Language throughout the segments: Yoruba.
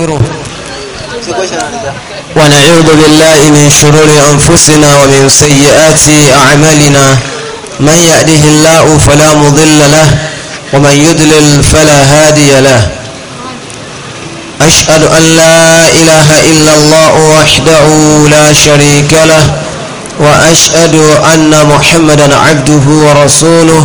ونستغفره ونعوذ بالله من شرور أنفسنا ومن سيئات أعمالنا من يأله الله فلا مضل له ومن يدلل فلا هادي له أشهد أن لا إله إلا الله وحده لا شريك له وأشهد أن محمدا عبده ورسوله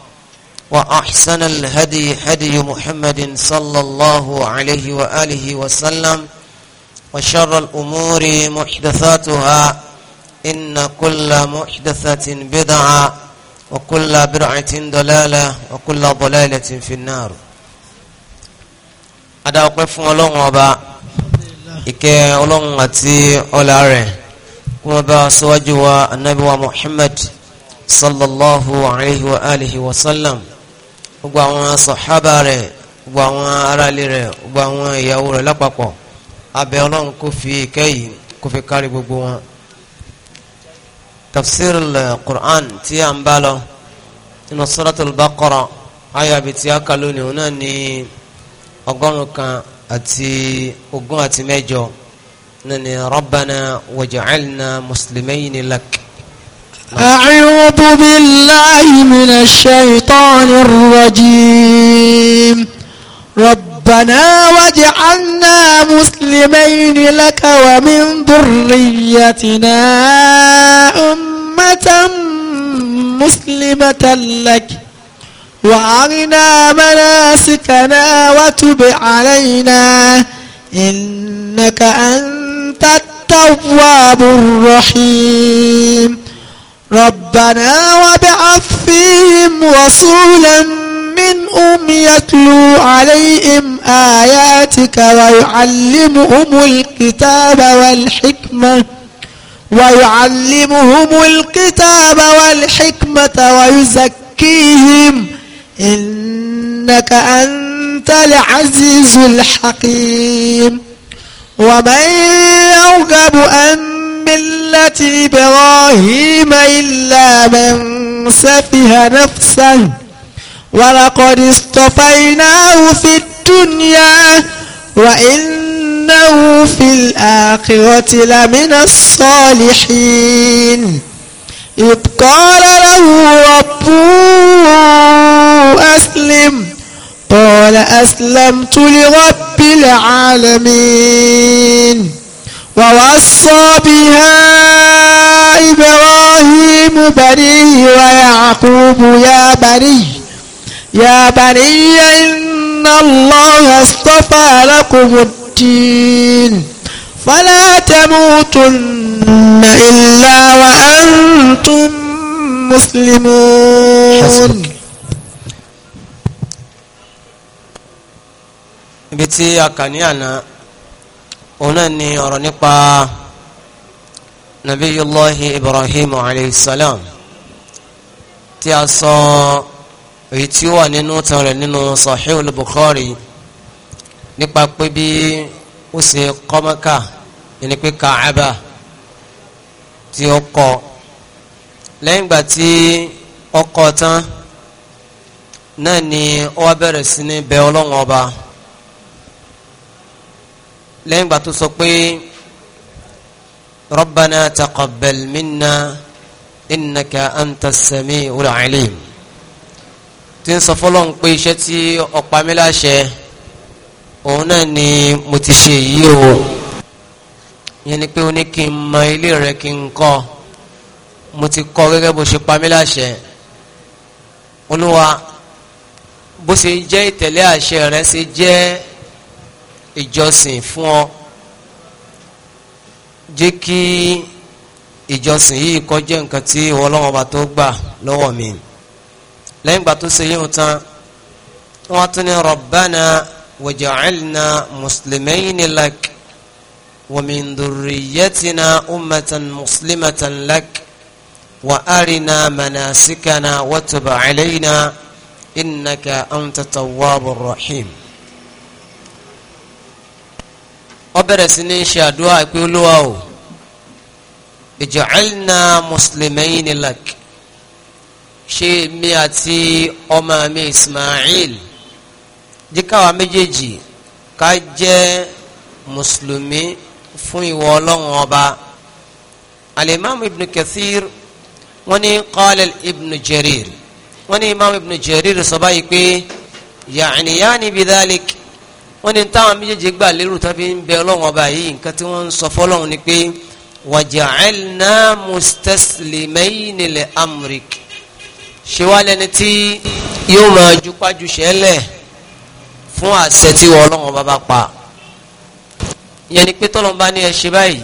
وأحسن الهدي هدي محمد صلى الله عليه وآله وسلم وشر الأمور محدثاتها إن كل محدثة بدعة وكل برعة دلالة وكل ضلالة في النار أدا وقف ولون وبا إكي ولون أتي أولاري كما با سواجوا النبي محمد صلى الله عليه وآله وسلم gbogbo àwọn sọ̀hábà rẹ̀ gbogbo àwọn aráalé rẹ̀ gbogbo àwọn ìyàwó rẹ̀ lápapọ̀ abẹ ọlọ́run kò fi ìkẹ́yìí kò fi kárí gbogbo wọn. tafsir al-Qur'an tí a ń bá lọ nínú suratul Baqara ayọ̀ àbí tí a lónìí òun náà ní ọgọ́rùn kan àti ogún àti mẹ́jọ náà ní rabbana waj'alna muslimayni lak. أعوذ بالله من الشيطان الرجيم ربنا واجعلنا مسلمين لك ومن ذريتنا أمة مسلمة لك وأرنا مناسكنا وتب علينا إنك أنت التواب الرحيم ربنا وابعث فيهم رسولا منهم يتلو عليهم آياتك ويعلمهم الكتاب والحكمة ويعلمهم الكتاب والحكمة ويزكيهم إنك أنت العزيز الحكيم ومن يرغب أن ملة إبراهيم إلا من سفه نفسه ولقد اصطفيناه في الدنيا وإنه في الآخرة لمن الصالحين إذ قال له ربه أسلم قال أسلمت لرب العالمين فوصى بها إبراهيم بنيه ويعقوب يا بني يا بني إن الله اصطفى لكم الدين فلا تموتن إلا وأنتم مسلمون حسبك òun náà ni ọ̀rọ̀ nípa nabiyullahi ibrahim aleyhisselam tí a sọ èyí tí ó wà nínú tán rẹ̀ nínú sahihul bukhari nípa pé bí ó ṣe kọ́ Mákà ẹni pé Káàbà tí ó kọ́ lẹ́yìn ìgbà tí ó kọ́ tán náà ni ó wá bẹ̀rẹ̀ sí ní bẹ Ọlọ́run ọba lẹ́yìn ìgbà tó sọ pé rabbana taqabbal minna innaka anta as-sami'ul 'alim tí ń sọ fọlọ́n pé iṣẹ́ tí ọ̀pá mi láṣẹ òun náà ni mo ti ṣe yìí o yẹn ni pé o ní kí n mọ ilé rẹ kí n kọ́ mo ti kọ́ gẹ́gẹ́ bó ṣe pa olúwa bó ṣe jẹ́ ìtẹ̀lé àṣẹ rẹ ṣe jẹ́ ìjọsìn fún ọ jẹ́ kí ìjọsìn yìí kó jẹ́ nǹkan tí ìwọ ọlọ́wọ́n bá tó gbà lọ́wọ́ mi lẹ́yìn ìgbà tó ṣe yíwọ̀n tán wọ́n tún ní rabbana waj'alna muslimayni lak wa min dhurriyyatina ummatan muslimatan lak wa arina manasikana innaka anta tawwabur rahim. ó bẹ̀rẹ̀ sí ní ṣe àdúrà pé olúwa o ij'alna muslimayni lak ṣe mi àti ọmọ mi Ismail jíkàwá méjèèjì ká jẹ́ mùsùlùmí fún ìwọ ọlọ́run ọba alimami ibn kathir wọ́n ní qala ibn jarir wọ́n ní imam ibn jarir sọ báyìí pé ya'niyani bidhalik wọ́n ní táwọn méjèèjì gbà lérò tó fi ń bẹ ọlọ́run ọba yìí nǹkan tí wọ́n ń sọ fọ́lọ́run ni pé wàjàẹ́lná mustaslimayni li amrik ṣé wá lẹni tí yóò máa jupájú ṣẹlẹ̀ fún àṣẹ tí wọ́n ọlọ́run ọba bá pa ìyẹn ni pé tọ́lọ́n bá ní ẹ ṣe báyìí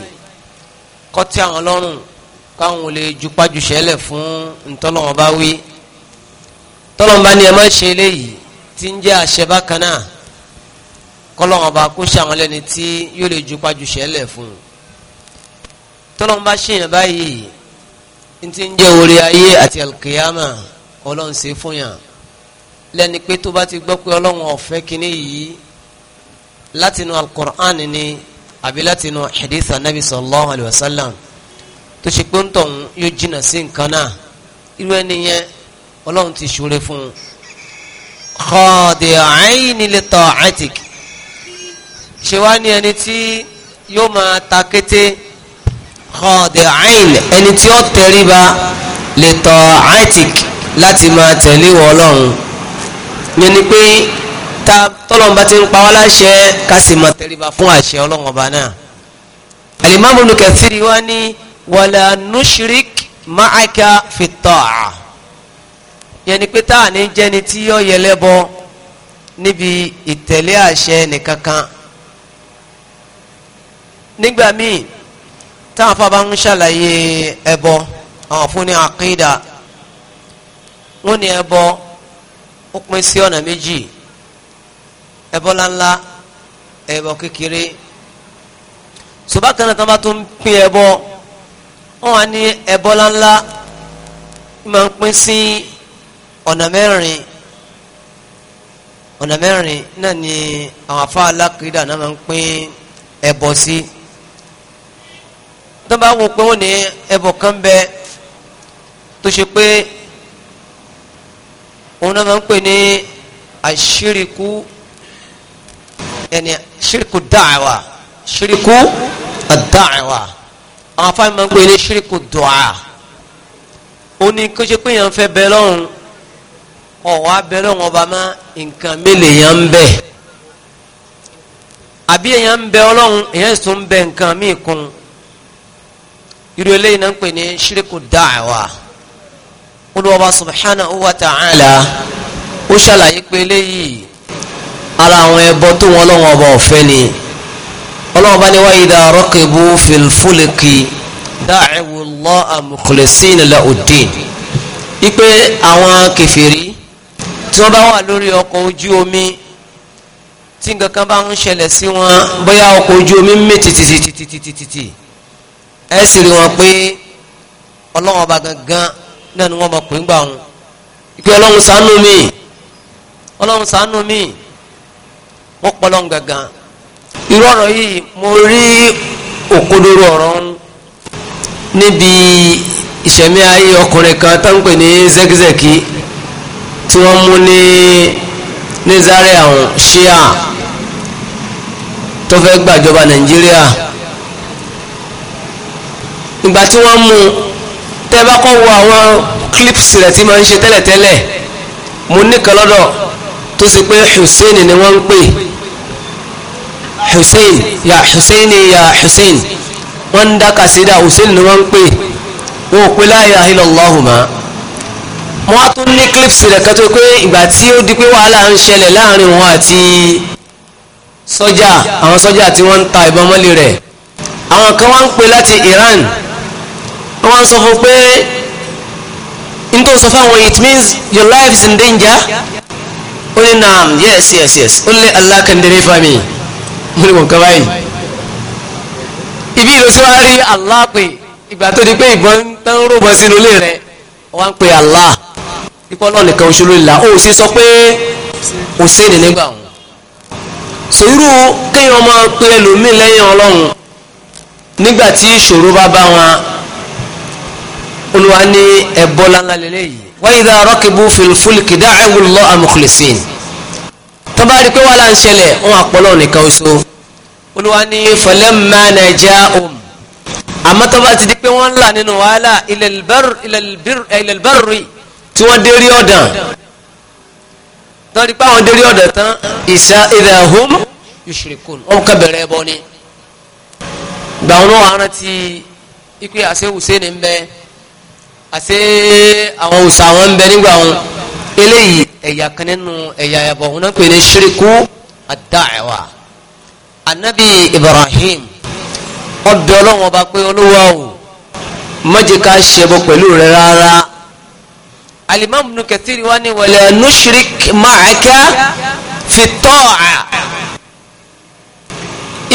kọ́ tí àwọn ọlọ́run káwọn ò lè jupájú ṣẹlẹ̀ fún ntọ́lọ́run ọba wí tọ́lọ́n bá ní ẹ má ṣe eléyìí tí ń jẹ́ àṣẹ bákan náà kọ́lọ́wọ́n bá kó ṣe àwọn lẹ́ni tí yóò lè jupa ju ṣẹlẹ̀ fún un tọ́lọ́wọ́n bá ṣèyàn báyìí n ti ń jẹ́ orí ayé àti alkiyama ọlọ́run ṣe fún yàn lẹ́ni pé tó bá ti gbọ́ pé ọlọ́run ọ̀fẹ́ kínní yìí látinú alukur'an ni àbí látinú hadith anabi sallallahu alayhi wa sallam tó ṣe pé ń tọ̀ yóò jìnnà sí nǹkan náà irú ẹni yẹn ọlọ́run ti ṣúre fún un khadi'aini li ta'atik ṣe wá ní ẹni tí yóò máa ta kété khadi'in ẹni tí ó tẹríba lè tọ aitik láti máa tẹ̀lé wọ ọlọ́run yẹn ni pé ta tọ́lọ́n bá ti ń pa wá láṣẹ ká sì máa tẹríba fún àṣẹ ọlọ́run ọba náà alimami Ibn wá ní wàlà nushrik ma'aka fi yẹn ni pé tá ní jẹ́ni tí yọ yẹlẹ́bọ níbi ìtẹ̀lé àṣẹ nìkankan nígbà míì táwọn afábá ń ṣàlàyé ẹbọ àwọn fún ní àkídà wọn ní ẹbọ ó pín sí ọ̀nà méjì ẹbọ ńláńlá ẹbọ kékeré sọbákan náà tí wọn bá tún pín ẹbọ wọn wà ní ẹbọ ńláńlá máa ń pín sí ọ̀nà mẹ́rin ọ̀nà mẹ́rin náà ni àwọn afá alákìídà náà máa ń pín ẹbọ sí. Si tó bá wò pé wọ́n ní ẹbọ kan bẹ tó ṣe pé òun náà máa ń pè ní àṣírikú ẹni ṣírikú dáàwà ṣírikú dáàwà àwọn afáàmì máa ń pè ní ṣírikú dùà ó ní kó ṣe pé èèyàn fẹ́ bẹ lọ́run ọ̀wọ́ abẹ lọ́run ọba má nǹkan mélòó yẹn ń bẹ àbí èèyàn ń bẹ ọlọ́run èèyàn sì ń bẹ nǹkan míì kún un irú eléyìí náà ń pè ní ṣíríkù dáàwà olùwọ́ba subhanahu wa ta'ala ó ṣàlàyé pé eléyìí ara àwọn ẹbọ tó wọn lọ́wọ́ ọba ọ̀fẹ́ ni ọlọ́wọ́ bá ní wa idha raqibu fil fulki da'u Allaha mukhlisina lahu d ipe àwọn kèfèrí tí wọ́n bá wà lórí ọkọ̀ ojú omi tí nǹkan kan bá ń ṣẹlẹ̀ sí wọn bóyá ọkọ̀ ojú omi ń mì tìtìtìtìtìtìtì ẹ sì rí wọn pé ọlọ́wọ́n ọba gangan náà ni wọ́n mọ̀ pé ń gbà wọn ìpè ọlọ́run ṣàánú mi ọlọ́run ṣàánú mi wọ́n pọ̀ lọ́n gangan irú ọ̀rọ̀ yìí mo rí òkodoro ọ̀rọ̀ ń níbi ìṣẹ̀mí ayé ọkùnrin kan tó ń pè ní zẹ́kizẹ́kì tí wọ́n mú ní ní Zaria ṣíà tó fẹ́ gbàjọba Nàìjíríà. Yeah ìgbà tí wọ́n mú un tẹ́ bá kọ́ wo àwọn clips rẹ̀ tí máa ń ṣe tẹ́lẹ̀tẹ́lẹ̀ mo níkan lọ́dọ̀ tó ṣe pé Hussein ni wọ́n ń pè Hussein ya Hussein ya Hussein wọ́n ń dá kàṣídà Hussein ni wọ́n ń pè wọn ò pé la ilaha illallahu mọ́ wọ́n á tún ní clips rẹ̀ kan tó pé ìgbà tí ó di pé wàhálà ń ṣẹlẹ̀ láàrin wọn àti sọ́jà àwọn sọ́jà tí wọ́n ń ta ìbọn mọ́lẹ̀ rẹ̀ àwọn kan wá ń pè láti Iran wọ́n sọ fún pé n tó sọ fáwọn it means your life is in danger ó ní naam yes yes yes ó lé Allah can deliver me mo ní wọn kọ báyìí ibi ìlú rí Allah pé ìgbà tó di pé ìbọn tán rògbọn sínú ilé rẹ wọn pe Allah ipò náà nìkan oṣù lóla ó sì sọ pé Hussein nígbà wọn sòwúrò kéèyàn máa pe ẹlòmíín lẹ́yìn Ọlọ́run nígbà tí ìṣòro bá bá wọn olúwa ní ẹbọ lánlá lélẹyìí wa idha rakibu fil fulki da'u Allaha mukhlisin tọ́ba rí pé wàhálà ń ṣẹlẹ̀ wọn àpọ̀lọ́ nìkan oṣù olúwa ní falamma najahum àmọ́ tọ́ba ti di pé wọ́n ń là nínú wàhálà ilal barri tí wọ́n dé rí ọ̀dàn tọ́ni pé àwọn délé ọ̀dọ̀ tán ìsá idha hum yushrikun wọn kà bẹ̀rẹ̀ ẹbọ ni gbàwọn àti àwọn òòsà àwọn ń bẹ nígbà wọn eléyìí ẹ̀yà kan nínú ẹ̀yà ẹ̀bọ̀ wọn náà pè ní ṣíríkù àdáẹ̀wà anabi ibrahim ọbẹ̀ ọlọ́run ọba pé olúwa o má jẹ́ ká ṣẹbọ pẹ̀lú rẹ rárá alimami ibn wa ni wala nushrik ma'aka fi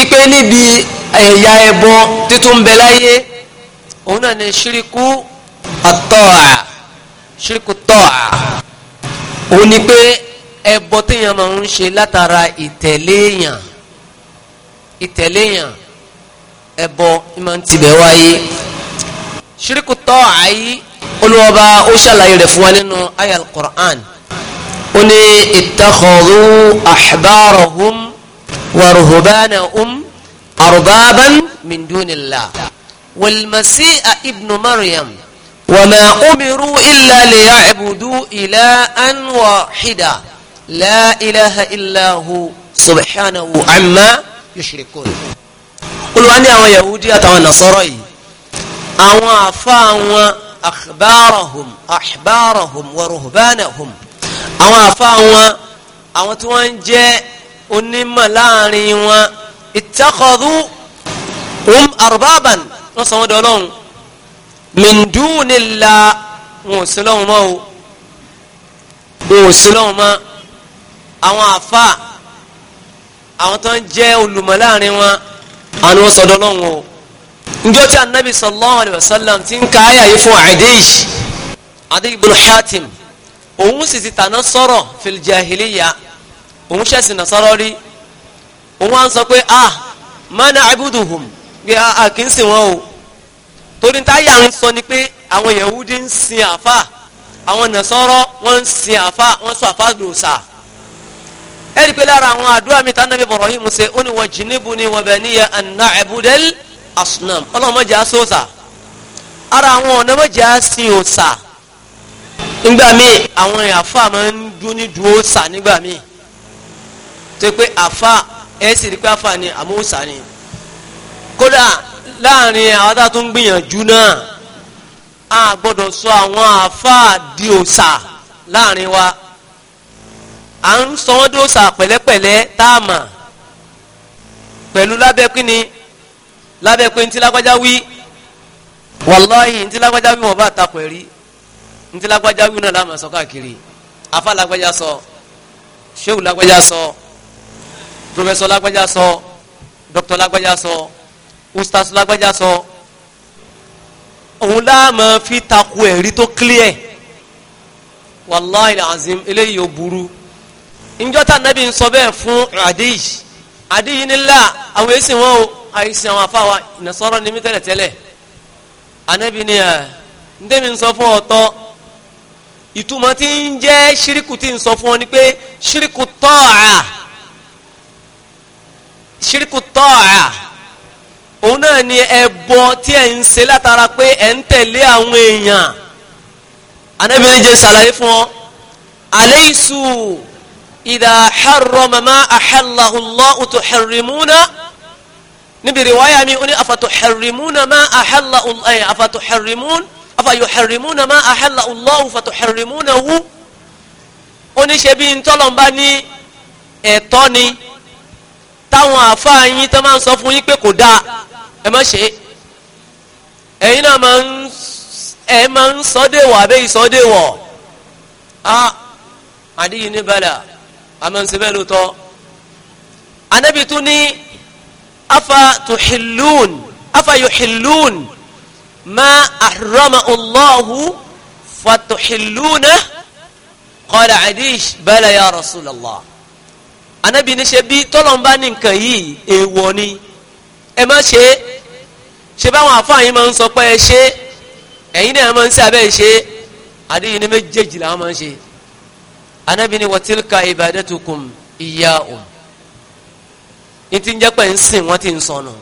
ipe níbi ẹ̀yà ẹ̀bọ títún bẹ láyé òun náà ni ṣíríkù àtọ́à ṣíríkù tọ́à òun ni pé ẹbọ téèyàn máa ń ṣe látara ìtẹ̀léèyàn ìtẹ̀léèyàn ẹbọ ni máa ń tibẹ̀ wáyé ṣíríkù tọ́à yìí olùwọ́ba ó ṣàlàyé rẹ̀ fún wa nínú ayal Qur'an ó ní ittakhadhu ahbarahum wa ruhbanahum arbaban min dunillah وما أمروا إلا ليعبدوا إلها واحدا لا إله إلا هو سبحانه عما يشركون قل وأني أو يهودي أو نصري أو أفا أخبارهم أحبارهم ورهبانهم أو أفا أو توانجي أنما لاني اتخذوا هم أربابا نصر دولون min dunillah wọn ò sí lọ́hùn mọ́ o wọn ò sí lọ́hùn mọ́ àwọn àfa àwọn tó ń jẹ́ olùmọ̀ láàrin wọn àwọn ni wọ́n sọ̀dọ̀ lọ́hùn o njọ́ tí anabi sallallahu alayhi wa sallam ti ń ka ayà yìí fún adish adish ibn hatim òun sì ti tàná sọ̀rọ̀ fil òun ṣẹ̀sìn náà sọ̀rọ̀ rí òun wá sọ pé ah mana abuduhum bí a ah, ah, kì í sìn wọn o torí táyà ń sọ ni pé àwọn Yahudi ń sin àfà àwọn Nasara wọ́n ń sin àfà wọ́n sọ àfà dòòsà ẹ rí i pé lára àwọn àdúrà mi tá nàbí Ibrahim ṣe ó ní wa jinibuni wa baniya an na'budal asnam ọlọ́mọdé aṣọ́ọ̀sà ara àwọn ọ̀nàmọ̀jẹ̀ á sin òòsà nígbà míì àwọn àfa máa ń dún ní dúró sà nígbà míì tó pé àfa ẹ sì rí pé àfa ni àmọ́ ni kódà láàrin àwọn tá a tún gbìyànjú náà a gbọ́dọ̀ sọ àwọn àáfàá di òòṣà láàrin wa à ń sọ wọ́n di òòṣà pẹ̀lẹ́pẹ̀lẹ́ tá a mà pẹ̀lú lábẹ́ kínni lábẹ́ pé ntí lágbájá wí wàláhì ntí lágbájá wí wọn bá takò ẹ̀rí ntí lágbájá wí náà láàmà sọ káàkiri afa lágbájá sọ sehu lágbájá sọ professor lágbájá sọ doctor lágbájá sọ. So ustaz lágbájá sọ òun láàmú fi takò ẹ̀rí tó clear wàláhì azim eléyìí ò burú njọ́ta nàbí ń sọ bẹ́ẹ̀ fún àdéyìí àdéyìí nílá àwọn èsì wọn o àìsàn àwọn afáwa nasara ní mi tẹ́lẹ̀ tẹ́lẹ̀ anabi ni ẹ ntẹ́mi sọ fún ọ̀tọ́ ìtumọ̀ tí ń jẹ́ ṣíríkù tí ń sọ fún ọ ni pé ṣíríkù tọ́ọ̀à ṣíríkù tọ́ọ̀à òun náà ni ẹbọ tí ẹ ń ṣe látara pé ẹ ń tẹ̀lé àwọn èèyàn anábìrin jẹ ṣàlàyé fún ọ alaysu idha harrama ma ahallahu Allahu tuharrimuna níbi riwaya mi ó ní afatuharrimuna ma ahallahu ẹ eh, afatuharrimun afayuharrimuna ma ahallahu Allahu fatuharrimunahu ó ní ṣe bí ní ẹ̀tọ́ ni táwọn àfáà tó máa ń sọ fún yín pé kò dáa ẹ má ṣe ẹ̀yin náà máa ń ẹ máa ń sọdẹwọ abẹ ìsọdẹwọ a àdìyí ní bala àmọ́nsẹ́bẹ́ ló tọ́ anabi tún ní afa tuhilun afa yuhilun ma ahrama allahu fatuhiluna qala adish bala ya rasulallah anabi ní ṣe tọ́lọ́mbá ní yìí èèwọ̀ ni ẹ má ṣe é ṣe báwọn àfáàyín máa ń sọ pé ẹ ṣe ẹ̀yin náà máa ń ṣe abẹ́ ṣe àdéhùn ní méjèèjì làwọn máa ń ṣe anábì ni watilka ibadatukum iyyahum ní ti ń jẹ́ pé ń sìn wọ́n ti ń sọnù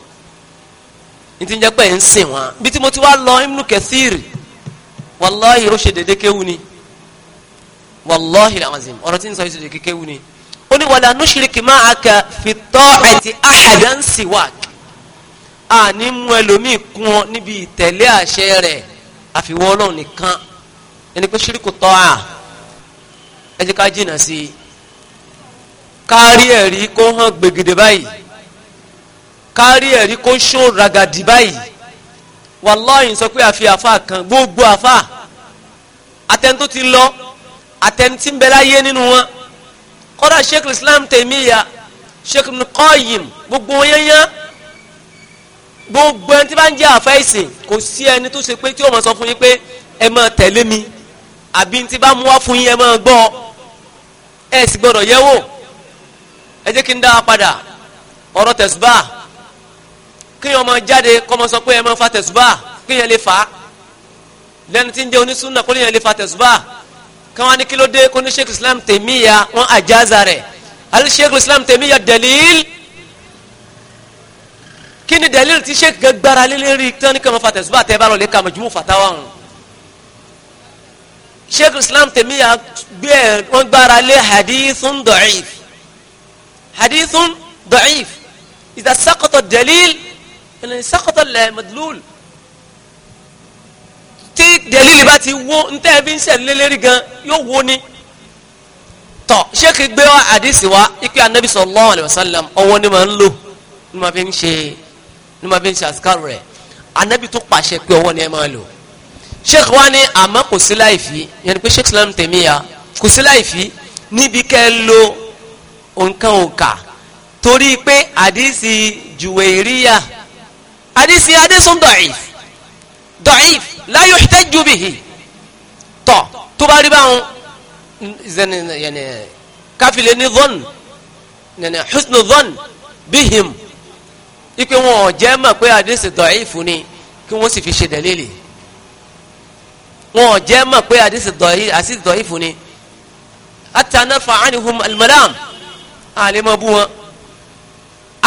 ní ti ń jẹ́ pé ń sìn wọ́n bí tí mo ti wá lọ Ibnu Kathir wàláhì ó ṣe dédé kéwu ni wàláhì làwọn ọ̀rọ̀ tí ń sọ yìí ṣe dédé kéwu ni ó ní wàlá nushrik ma'aka fi ta'ati ahadan siwak a ní mú ẹlòmíì kún ọ níbi ìtẹ̀lé àṣẹ rẹ̀ àfiwọ́ ọlọ́run nìkan ẹni pé ṣírí kò tọ́ à ẹ jẹ́ ká jìnnà sí i kárí ẹ̀rí kó hàn gbègede báyìí kárí ẹ̀rí kó ṣó ragadi báyìí wàláhì sọ pé àfi àfa kan gbogbo àfa atẹni tó ti lọ atẹni tí ń bẹ láyé nínú wọn kọ́dà sheikh islam tèmíya sheikh nìkọ́yìm gbogbo wọn yẹn yẹn gbogbo ẹni tí bá ń jẹ́ àfẹ́ ìsìn kò sí ẹni tó ṣe pé tí ó máa sọ fún yín pé ẹ máa tẹ̀lé mi àbí tí bá mú wá fún yín ẹ máa gbọ́ ẹ sì gbọ́dọ̀ yẹ̀ wò ẹ jẹ́ kí n dá a padà ọ̀rọ̀ tẹ̀sùbà kíyàn máa jáde kọ́ máa sọ pé ẹ máa fa tẹ̀sùbà kíyàn lè fà á lẹ́ni tí ń jẹ́ onísùnà kó lèyàn lè fa tẹ̀sùbà káwọn ní kí ló dé kó ní sheikh islam tèmíya wọn àjáza rẹ̀ alẹ́ sheikh islam tèmíya dalil kí ni dalil ti sheikh gẹ gbára lé lérí tán ní kama fatasuba tẹ bá lọ lé kama jumu fatawa hàn sheikh islam tẹmíya gbé wọn gbára lé hadithun da'if hadithun da'if idha saqata dalil ẹni saqata al-madlul tí dalil bá ti wó ntẹ́ fi ń sẹ́ni gan yóò wó ni tọ sheikh gbé wa hadisi wa ikú anabi sallallahu alayhi wa sallam ọwọ́ ni màá ń lò ni màá fi ń ṣe ní ma fi ń ṣe àsìkárò rẹ̀ anabi tó pàṣẹ pé ọwọ́ ni ẹ máa lò sheikh wa ni àmọ́ kò sí láìfí yẹn ni pé sheikh salam tèmíya kò sí láìfí níbi kẹ́ ẹ lo nǹkan òǹkà torí pé àdìsí juwèríyà àdìsí àdìsún da'if da'if la yuhtaju bihi tọ̀ tó bá rí báwọn káfílẹ̀ ní dhon husnu dhon bihim ipe wọn ò jẹ́ mọ̀ pé àdìsí dọ̀ífù ni kí wọ́n sì fi ṣe dẹ̀lélì wọn ò jẹ́ mọ̀ pé àdìsí dọ̀ífù ni atanafa anihum almalam àlema bú wọn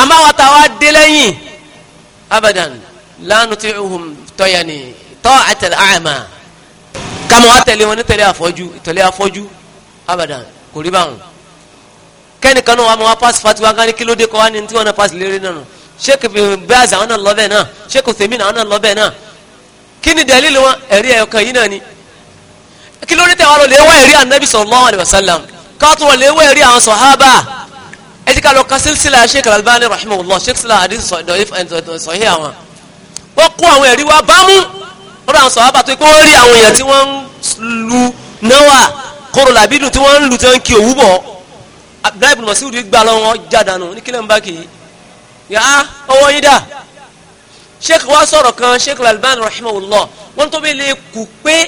amáwọn táwa dé lẹ́yìn abadan lánàá tí ohun tọ́ya ni tọ́ àtẹlẹ àmà kàmú àtẹlẹ wọn ní tẹ̀lé àfọ́jú tẹ̀lé àfọ́jú abadan kò rí báwọn kẹ́nìkan náà wà mọ́ wá pàṣípàtì wá gán kílódé kọ́ wá ní tí wọ́n náà pàṣípàtì lérí náà sheikh baz àwọn náà lọ́bẹ̀ náà sheikh othemin àwọn náà lọ́bẹ̀ náà kí ni dalilu wọn ẹ̀rí ẹ̀yọkan yìí náà ni kí ló ní tẹ̀wá lọ léwọ́ ẹ̀rí anabi sallallahu alayhi wa sallam káàtó wọn léwọ́ ẹ̀rí àwọn sọ̀hábà ẹ ti ká lọ ka silsila sheikh albani rahimahullah sheikh sila hadith sọ̀hí eh, àwọn wọ́n kó àwọn ẹ̀rí wa bámú lọ́dọ̀ àwọn sọ̀hábà tó kó rí àwọn èèyàn tí wọ́n lu náwà kóró làbídùn tí wọ́n ń lu tí wọ́n ń kí òwú bọ̀ abdullahi ibn mas'ud gba lọ́wọ́ jádànù ní kílẹ̀ ń bá kì yà á ọwọ́ yín dà sheikh wa sọ̀rọ̀ kan sheikh Al-Albani rahimahullah wọ́n tó bí lè kú pé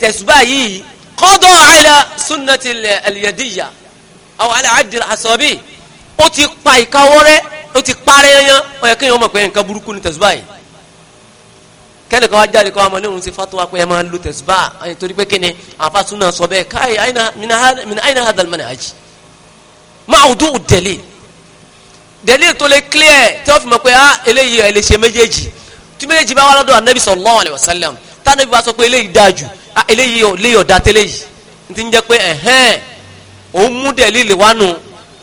tẹ̀sùbà yìí qada ala sunnati al-yadiyya aw ala addi al-asabi ó ti pa ìkáwọ́ rẹ́ ó ti parẹ́ yan ó yẹ kéèyàn mọ̀ pé nǹkan burúkú ni tẹ̀sùbà yìí kẹ́nìkan wá jáde kọ́ ọmọ ní òun ti fatuwa pé ẹ máa ń lo tẹ̀sùbà torí pé kíni àfa sọ bẹ́ẹ̀ káyì min aina hadha al-manhaj ma'du'u ad-dalil dẹ̀lí tó lè clear tí wọ́n fi mọ̀ pé ah eléyìí ẹ̀ lè méjèèjì tí méjèèjì bá wà lọ́dọ̀ anabi sallallahu alayhi wa sallam tánàbí bá sọ pé eléyìí dáa jù ah eléyìí ò léyìí ọ̀dà tẹ́lẹ̀ yìí n ti ń jẹ́ pé ẹ̀hẹ́n òun mú dẹ̀lí lè wá nù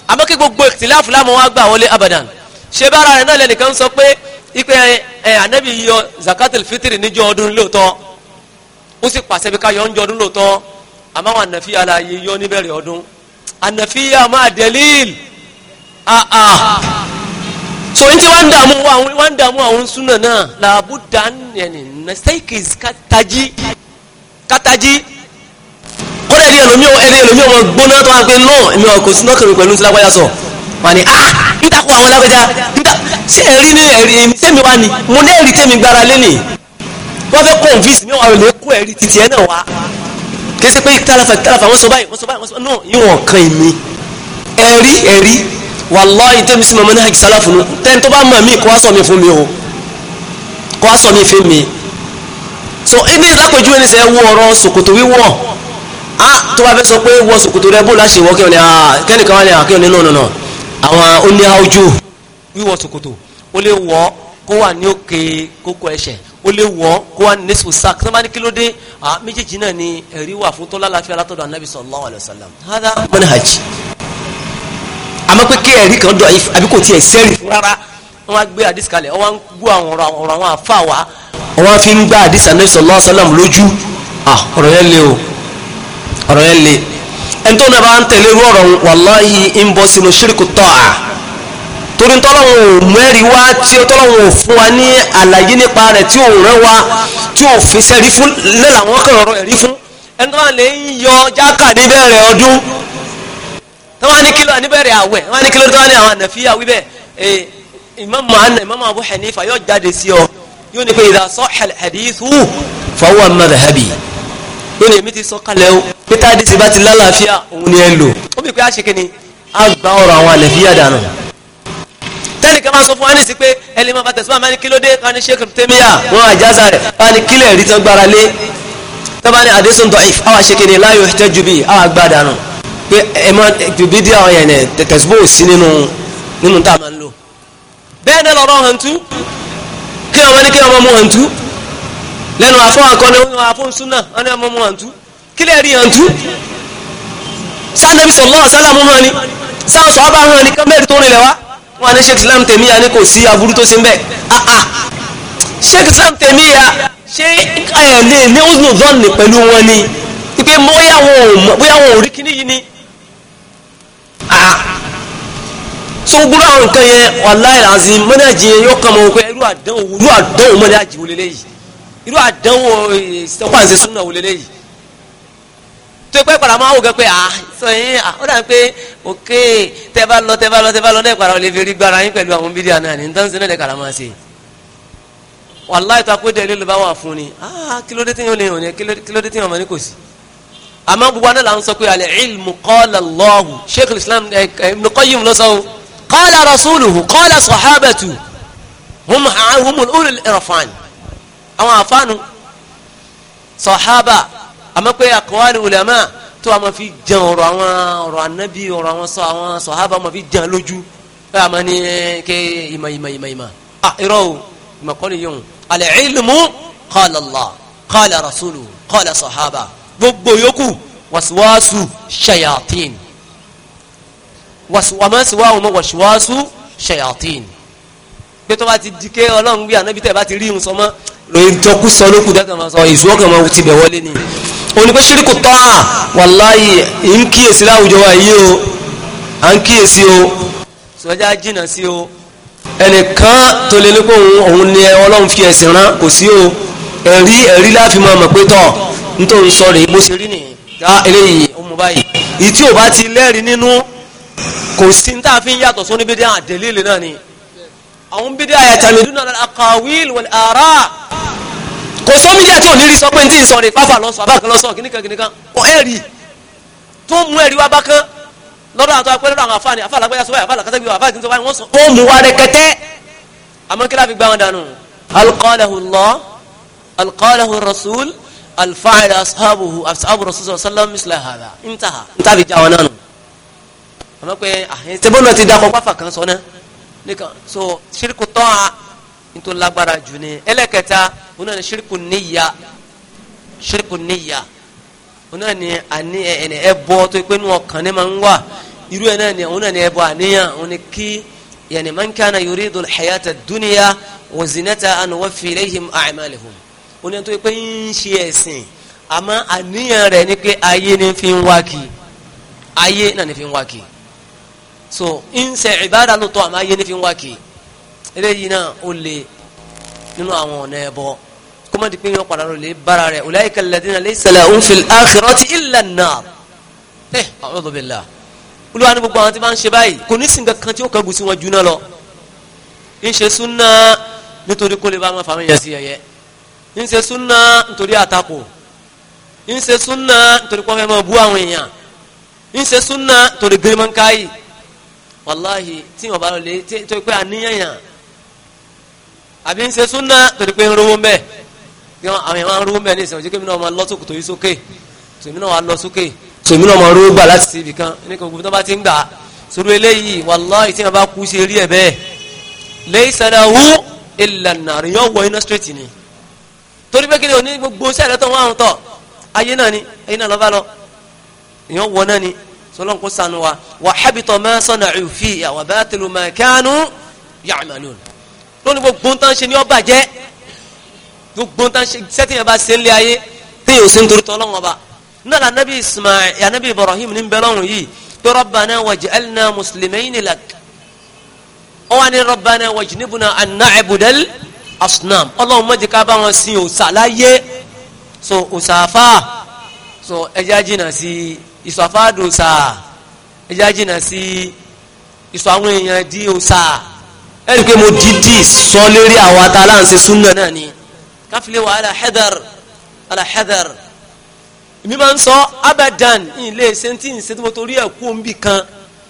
àmọ́ gbogbo ìtìláàfù láàmú wa gbà wọlé abadan ṣé bára rẹ̀ náà lẹ́nìkan sọ pé ipe ẹ̀ anabi yọ zakatul fitiri níjọ́ ọdún lóòótọ́ ó sì pàṣẹ bí ká yọ ọdún lóòótọ́ àmọ́ àwọn ànàfíà la yẹ yọ níbẹ̀rẹ̀ ọdún ànàfíà máa Ah ah, so n ti wá ń dààmú àwọn wá ń dààmú àwọn súnà náà làbúdà nìyẹnì nàṣẹ́kìs kàtàjì kàtàjì kọ́lá ẹ̀rí ẹlòmí ẹ̀rí ẹlòmí ọmọ gbóná tó wá pé náà èmi ọkọ̀ sínú ọkọ̀ pẹ̀lú ńsí lágbájá sọ wà ní ah ń takò àwọn lágbájá ń ta ṣé ẹ̀rí ni ẹ̀rí èmi sẹ́mi wá ni mo ní ẹ̀rí tẹ́mi gbára lé ni wọ́n fẹ́ convince mi àwọn èlò kó ẹ̀rí titi ẹ̀ náà wá kí ẹ sẹ́ pé tálàfà tálàfà wọ́n sọ báyìí wọ́n sọ báyìí wọ́n sọ wàláhì tẹ́mi sí mọ̀mọ́ náà sálàfù nù tẹ́ni tó bá mọ̀ mí kó wá sọ mi fún mi o kó wá sọ mi fún mi so ibi lápẹjú ẹni sẹ́ wọ ọ̀rọ̀ ṣòkòtò wíwọ̀ á tó bá fẹ́ sọ pé wọ ṣòkòtò rẹ bó láṣẹ wọ́ ah, kẹ́ni kẹ́nìkan wá ní àkẹ́ni náà nà àwọn oní àwùjọ wíwọ̀ ṣòkòtò ó lè wọ̀ kó wà ní òkè kókó ẹsẹ̀ ó lè wọ̀ kó wà ní nísìkò sáà tó bá ní kílódé méjèèjì náà ni ẹ̀rí wà fún tọ́lá láfi alátọ́dọ̀ anábì sallallahu alaihi wasallam àmọ́ pé kí ẹ̀rí kan dọ̀ àbí kò tiẹ̀ sẹ́rì fún rárá wọ́n á gbé àdìsí kalẹ̀ wọ́n á gbó àwọn ọ̀rọ̀ àwọn àfa wa wọ́n fi ń gbá àdìsí àná sallallahu alaihi lójú ọ̀rọ̀ yẹn le o ọ̀rọ̀ yẹn le ẹni tó náà bá ń tẹ̀lé irú ọ̀rọ̀ wàláhì ń bọ́ sínú ṣírìkù tọ́à torí tọ́lọ́hún ò mẹ́rin wá tí tọ́lọ́hún ò fún wa ní àlàyé nípa rẹ̀ tí ò rẹ́ wa tí ò fi sẹ́rí fún lẹ́làwọ́n kan ẹ̀rí fún ẹni tó náà lè ń yọ jákà níbẹ̀rẹ̀ ọdún tó wá ní kílò níbẹ̀rẹ̀ àwẹ̀ wá ní kílò tó wá ní àwọn ànàfíà wíbẹ̀ ìmáàmù àná ìmáàmù Abu Hanifa yóò jáde sí ọ yóò ní pé idha sahha al-hadithu fa huwa madhhabi yóò ní èmi ti sọ kalẹ̀ o pété àdìsí bá ti lálàáfíà òun ni ẹ lò ó bí pé àṣekè ni a gba ọ̀rọ̀ àwọn ànàfíà dànù tẹ́lẹ̀ kan máa sọ fún wa ní sí pé ẹni máa bá tẹ̀síwá máa ní kí dé ká ní Sheikh Taymiya wọn àjásá rẹ̀ ká ní kílẹ̀ rí tán gbára lé tọ́ba ní àdéṣùn da'if àwọn àṣekè ni la yuhtaju bihi àwọn dànù pé ẹ mọ bídíà ọ̀yàn ẹ̀ tẹ̀síbò sí nínú nínú tá a máa ń lò bẹ́ẹ̀ náà lọ́rọ́ hàn tú kí ọmọ ní kí ọmọ mú hàn tú lẹ́nu àfọ́ akọni ohun àfọ́nsún náà wọ́n ní ọmọ mú hàn tú kí lè rí hàn tú sanabi sọlọ́ọ̀ sálàmù hàn ni sáwọn sọ̀rọ̀ bá hàn ni kọ́mẹ́rì tó rìnlẹ̀ wá wọn àní sheikh islam tèmíyà ni kò sí aburú tó ṣe ń bẹ̀ ah, ah. sheikh islam tèmíyà ṣé ẹ̀ lè ní ọdún ọdún pẹ̀lú wọn ni wípé bóyá wọn ò rí kíní yìí ni Ah. so gbogbo àwọn nǹkan yẹn wàláì làzí mọ́nàjì yẹn yóò kàn mọ́ wọn pé irú àdánwò irú àdánwò mọ́nàjì wò lélẹ́yìí irú àdánwò ìsẹ́kọ̀ọ́nsẹ̀ súnà wò lélẹ́yìí tó pẹ́ padà máa wò gan pé ah sọ yín ah ó dà pé òkè tẹ́ bá lọ tẹ́ bá lọ tẹ́ bá lọ náà padà lè fi rí gbára yín pẹ̀lú àwọn bídíà náà ní ní tánṣẹ́ náà kàrà máa ṣe wàláì tó akó dẹ́ lé ló bá wà ah kílódé tí yóò lè hàn ní kílódé tí àmọ́ gbogbo àná là ń sọ pé alẹ́ ilmu qala Allahu sheikh islam eh, eh, ibn qayyim ló sọ o qala rasuluhu qala sahabatu hum humul ulul irfan àwọn àfáànù sọ̀hábà àmọ́ pé àkọwárí ulama tó a máa fi jẹun ọ̀rọ̀ àwọn ọ̀rọ̀ anábì ọ̀rọ̀ àwọn sọ àwọn sọ̀hábà máa fi jẹun lójú ẹ àmọ́ ní eh, ké ìmọ̀ ìmọ̀ ìmọ̀ ìmọ̀ à irọ́ o ìmọ̀ kọ́ni yóò al-ilmu qala Allah qala rasuluhu qala sọ̀hábà gbogbo yòókù wàsíwáṣu ṣayatin wàmọ́síwá wọn wàsíwáṣu ṣayatin pé tó bá ti di ké ọlọ́run gbé ànábi tẹ̀ bá ti rí ìhun sọmọ́ lóyún tó kú sọ lókù dẹ́kun máa sọ ìṣúwọ́ kan máa ti bẹ̀ wọlé ni onípe ṣíríkù tọ́ à wàláyé ń kíyèsí láwùjọ wa yìí o à ń kíyèsí o sọjá jìnnà sí o ẹnìkan tó lé ní kó òun ni ọlọ́run fi ẹ̀sìn rán kò sí o ẹ̀rí ẹ̀rí láfi máa mọ̀ pé tọ̀ nítorí sọ rèé bó ṣe rí nìyí eléyìí ó mú báyìí ìtí ò bá ti lẹ́rìí nínú kò sí ní fi ń yàtọ̀ sóní bídẹ́ àdélélẹ̀ náà ni àwọn bídẹ́ àyàtàmídún náà àkàwíl wal àrà kò sómi díẹ̀ tí ò ní rí sọ pé ní tí ì sọ rè fáfà abákan lọ́sọ̀ kìnnìkan kìnnìkan kò ẹ̀rì tó mú ẹ̀rí wá bákan lọ́dọ̀ àtọ́ ẹ̀pẹ́ lọ́dọ̀ àwọn afáàní afáàlà gbẹ́yà sọ́wọ́ alfaa'il ashabuhu ashabu rasulillah sallam misla hada intaha nta fi jawọn nánu àmọ́ pé àhìn tẹ́bọ́n náà ti dakọ̀ pàfà kan sọ náà nìkan so ṣírkù tọ́ha nítorí lágbára jù ní ẹlẹ́kẹta wọn náà ní ṣírkù níyà ṣírkù níyà wọn náà ní àní ẹ̀ẹ́nì ẹ̀bọ tó pé ní ọkàn ní máa ń wà irú ẹ̀ náà ní wọn náà ní ẹ̀bọ àníyàn man kana yuridu al-hayata ad-dunya wa zinataha nuwaffi ilayhim a'malahum oní ẹni tó pé ń ṣe ẹ̀sìn àmọ́ àníyàn rẹ̀ ni pé ayé ni fi ń wá kì ayé náà ni fi ń wá kì so ń ṣe ìbára lóòótọ́ àmọ́ ayé ni fi ń wá kì eléyìí náà ó le nínú àwọn ọ̀nà ẹ̀bọ kó má pé yọ padà lè bára rẹ̀ ulaika alladhina laysa lahum fil akhirati illa an-nar ẹ̀ eh, a'udhu billah olúwa ní gbogbo àwọn tí wọ́n ń ṣe báyìí kò ní sìnkà kan tí ó kàn gùn sí wọn jù náà lọ ń ṣe súnà nítorí kó lè bá wọn fàmìyàn sí ẹ̀yẹ ń ṣe súnà nítorí àtakò ń ṣe súnà nítorí kọ́fẹ́ máa bú àwọn èèyàn ń ṣe súnà nítorí gírímọ́nkáyì wàláhì tí wọn bá lọ lé tí tó pé àníyàn àbí ń ṣe súnà nítorí pé ń rówó mbẹ àwọn èèyàn máa ń rówó mbẹ ní ìsìn òjì kémi náà máa lọ sókòtò yìí sókè tòmí náà wà lọ sókè tòmí náà máa rówó gbà láti ṣe ibìkan ní kò gbogbo tó bá ti ń gbà sórí eléyìí wàláhì tí wọn bá kú ṣe rí ẹ bẹ́ẹ̀ lẹ́yìn sẹ́dá wú straight ni torí pé kíni òní gbogbo sẹ́ẹ̀lẹ́ tó ń wá àrùn tọ̀ ayé náà ni ayé náà lọ́ba lọ èèyàn wọ náà ni sọlọ́n kó sànù wa wà habita ma sana'u fiha wa batilu ma kanu ya'malun lónìí gbogbo ń tán ṣe ní ó bàjẹ́ gbogbo ń tán ṣe sẹ́tìyàn bá ṣe ń lé ayé téèyàn ò sí ń torí tọ́ lọ́wọ́ ba náà lànàbí Ismail ànàbí Ibrahim ní bẹ́ẹ̀ lọ́rùn yìí pé rabbana waj'alna muslimayni lak ó wà ní rabbana wajnibna an na'budal asnam ọlọ́run má jẹ́ ká bá wọn sin òòṣà láyé so òòṣà afá so ẹja jìnnà sí ìsọ afá dòòṣà ẹja jìnnà sí ìsọ àwọn èèyàn di òòṣà ẹni pé mo dídì sọ lérí àwọn ataláǹsẹ súnà náà ni káfílẹ̀ wà ala hadar ala hadar èmi máa ń sọ abadan ilé ṣe ti ń ṣe tí mo torí ẹ̀ kú omi kan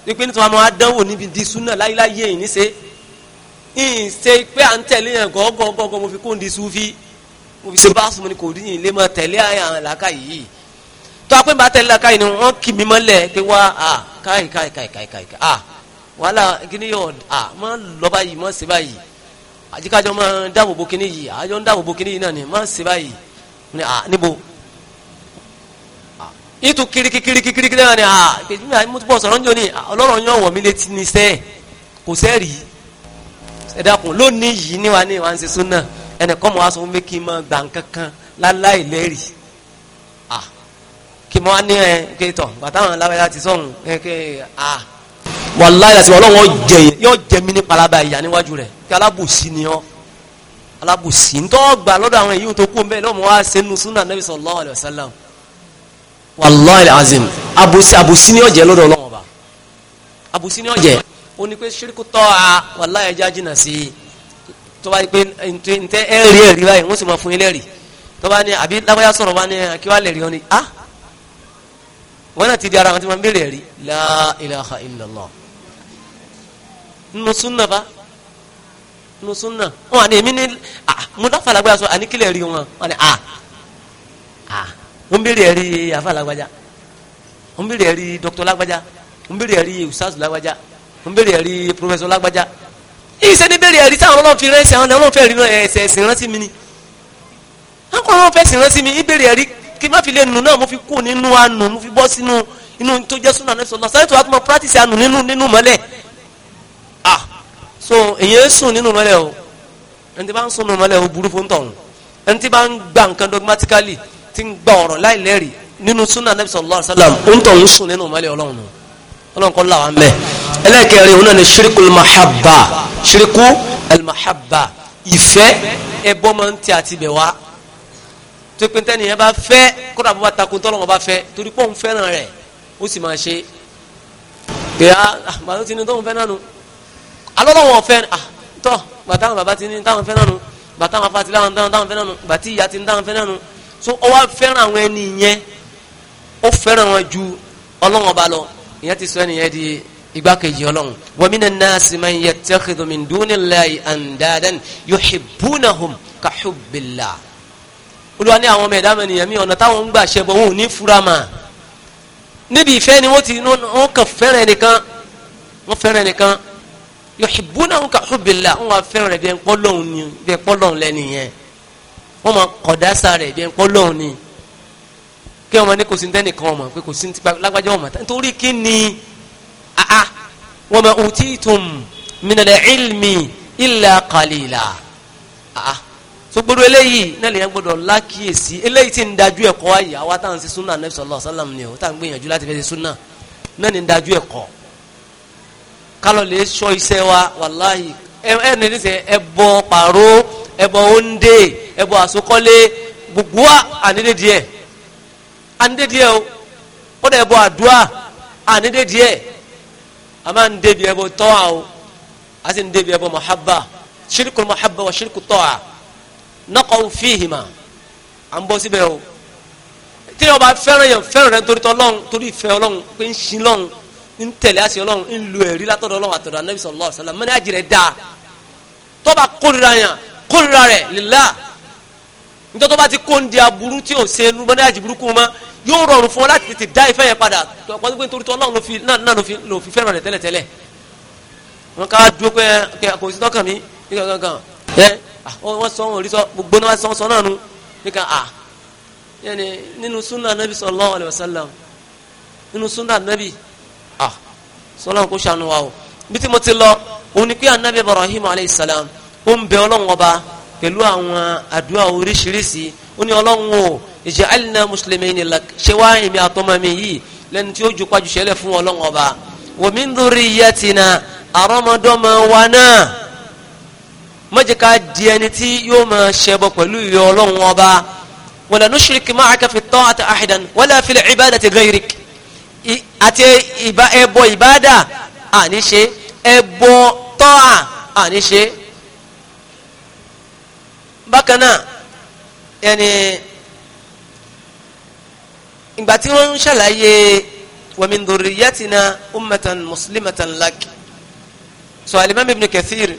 wípé nítorí àwọn adánwò níbi di súnà láyéláyé ìníṣe ìyìn ṣe pé à ń tẹ̀lé yẹn gọ́gọ́gọ́gọ́ mo fi kó ń di sufi mo fi ṣe bá sùnmọ́ ni kò rí yìn lé mọ́ tẹ̀lé àyàn làákà yìí tó a pé bá tẹ̀lé làákà yìí ni wọ́n kì mí mọ́lẹ̀ pé wá à káì káì káì káì káì à wàhálà kíní yọ̀ à má lọ báyìí má ṣe báyìí àjíkájọ má dáàbò bo kíní yìí àjọ ń dáàbò bo kíní yìí náà ni má ṣe báyìí ni à níbo ìtú kiriki náà ni à pèsè mi àìmọ́tò ẹ dákun lónìí yìí ni wàá ní wàá ń ṣe súnà ẹnìkan mọ̀ wá sọ fún mi kí n máa gbà kankan láláì lẹ́rìí ah kí n máa ní ẹ kí tọ̀ bàtàwọn alábẹ́yà ti sọ̀hún ẹ kí ah wàláyé àti ọlọ́wọ́n jẹ yóò jẹ mí ní palaba ìyá níwájú rẹ̀ kí alábòsí ni ọ́ alábòsí ń tọ́ gbà lọ́dọ̀ àwọn èyí tó kú ń bẹ́ẹ̀ lọ́mọ wa sẹ́nu súnà nàbí sallallahu alaihi wasallam wàláyé azim àbòsí àbòsí ni ó jẹ ba àbòsí ni ó ní pé ṣíríkù tọ́ a wallahi ẹja jìnnà sí i tó bá yí pé ntẹ ẹ rí ẹ̀rí báyìí wọ́n sì máa fún yín lẹ́rìí tó bá ní àbí lágbáyà sọ̀rọ̀ bá ní kí wàá lẹ́rìí wọn ni ah wọn náà ti di ara wọn tí wọn bèrè ẹ̀rí la ilaha illallah nínú súnà bá nínú súnà wọn àni èmi ní mo dáfà lágbáyà sọ àní kílẹ̀ rí wọn wọn ni ah ah wọ́n bèrè ẹ̀rí àfà lágbájá wọ́n bèrè ẹ̀rí dókítà lágbájá wọ́n bèrè ẹ̀rí ustaz lágbájá ń béèrè ẹ̀rí professor lágbájá ìṣe ní béèrè ẹ̀rí táwọn ọlọ́run fi rẹ́sì àwọn ọlọ́run fẹ́ rí ẹ̀sẹ̀ ẹ̀sìn rántí mi ni akọ ọlọ́run fẹ́ sìn rántí mi ìbéèrè ẹ̀rí kí má fi lè nù náà mo fi kú nínú àánú mo fi bọ́ sínú inú tó jẹ́ súnà náà sọ̀tọ̀ sáré tó wá tó mọ practice àánú nínú nínú mọ́lẹ̀ ah so èyàn ń sùn nínú mọ́lẹ̀ o ẹni tí bá ń sùn nínú mọ́lẹ̀ o burú fún tọ̀hún ẹni tí bá ń gba nǹkan dogmatically ti ń gba ọ̀rọ̀ láìlẹ́rìí nínú súnà náà sọ̀tọ̀ sálàm ó ń tọ̀hún sùn nínú mọ́lẹ̀ ọlọ́run náà ọlọ́run kọ́ làwọn mẹ́ ẹlẹ́kẹ̀rin òun náà ni ṣíríkù mahabba ṣíríkù almahabba ìfẹ́ ẹbọ máa ń tẹ àti bẹ̀ wá tó pé ntẹ́ni yẹn bá fẹ́ kódà bó bá takun tọ́lọ́run bá fẹ́ torí pọ́ ń fẹ́ràn rẹ̀ ó sì máa ṣe pé a màá ah, ti ní tóun fẹ́ náà nu alọ́lọ́wọ̀n fẹ́ ah, tọ́ bàtàwọn bàbá ti ní táwọn fẹ́ náà nu bàtàwọn afá ti láwọn táwọn fẹ́ náà nu bàtí ìyá ti ní táwọn fẹ́ náà nu so ó wá fẹ́ràn àwọn ẹni yẹn ó fẹ́ràn wọn ju ọlọ́wọ̀n ba lọ ìyẹn ti sọ ẹnìyẹn di igbákejì ọlọ́run wa minan nasi man yattakhidhu min dunillahi andadan yuhibbunahum ka hubbillah olúwa ní àwọn ọmọ ẹ̀dá mẹ́niyàn mi ọ̀nà táwọn ń gbà ṣẹbọ wọn ò ní fura mà níbi ìfẹ́ ni wọ́n ti wọ́n kàn fẹ́ràn nìkan wọ́n fẹ́ràn nìkan yuhibbunahum ka hubbillah wọ́n wá fẹ́ràn rẹ̀ bí ẹ̀ ń lọ́hùn ni bí ẹ̀ lọ́hùn lẹ́nìyẹn kí ọmọ ní kò sí tẹnìkan ọmọ pé kò sí lágbájá ọmọ nítorí kí ni àá wa ma utitum minal ilmi illa qalila àá tó gbọ́dọ̀ eléyìí náà lèyàn gbọ́dọ̀ lákìyèsí eléyìí ti ń dájú ẹ̀kọ́ ayé àwa táwọn sí súnà Nabi sallallahu alaihi ni ó táwọn gbìyànjú láti fẹ́ sí súnà náà ní ń dájú ẹ̀kọ́ kálọ̀ lè sọ iṣẹ́ wa wàláhì ẹ ní sẹ ẹbọ pàró ẹbọ òǹdè ẹbọ àsokọ́lé gbogbo ànílédìí ẹ̀ ànídédiẹ o ó dẹ̀ bọ àdúrà ànídédiẹ a máa ń débi ẹbọ tọ́wà o a sì ń débi ẹbọ mahabba ṣírkù mahabba wa ṣírkù tọ́wà naqaw fihima à ń bọ́ síbẹ̀ o tí wọ́n bá fẹ́ràn yẹn fẹ́ràn rẹ̀ torí tọ́lọ́n torí ìfẹ́ ọlọ́run pé ń sin lọ́run ń tẹ̀lé àṣẹ ọlọ́run ń lu ẹ̀rí látọ̀dọ̀ ọlọ́run àtọ̀dọ̀ anabi sallallahu alaihi wasallam mẹ́ni àjẹrẹ̀ dáa tọ́ba kórira yẹn kórira rẹ̀ nítorí tó bá ti kó ń di aburú tí ò ṣe nu mọ́ndájì burúkú mọ́ yóò rọrùn fún ọ láti tètè dá ìfẹ́ yẹn padà wọ́n ti pé nítorí tó ọlọ́run náà ló fi fẹ́ràn rẹ̀ tẹ́lẹ̀tẹ́lẹ̀ wọn ká dúró pé kò sí tọ́kàn mi nígbà kankan ẹ wọ́n sọ wọn ò rí sọ gbogbo náà sọ sọ náà nu nígbà à yẹni nínú sunna nabi sallallahu alayhi wa sallam nínú sunna nabi ah sọlọ́n kò ṣàánú wa o bí tí mo ti lọ òun ni pé anabi ibrahim alayhi salam ó ń bẹ ọlọ́run ọba pẹ̀lú àwọn àdúrà oríṣiríṣi ó ní ọlọ́run o ij'alna muslimayni lak ṣé wá èmi àtọ́mọ mi yìí lẹ́nu tí ó ju pàjù ṣẹlẹ̀ fún ọlọ́run ọba wa min dhurriyyatina àrọ́mọdọ́mọ wa náà má jẹ́ ká di ẹni tí yóò máa ṣẹbọ pẹ̀lú ìyọ ọlọ́run ọba wala nushrika ma'aka fi ta'ati ahadan wala fil ibadati ghayrik àti ẹbọ ìbádà àníṣe ẹbọ tọ́à àníṣe bákan náà yẹni ìgbà tí wọ́n ń ṣàlàyé wa min dhurriyyatina ummatan muslimatan lak sọ alimam ibn kathir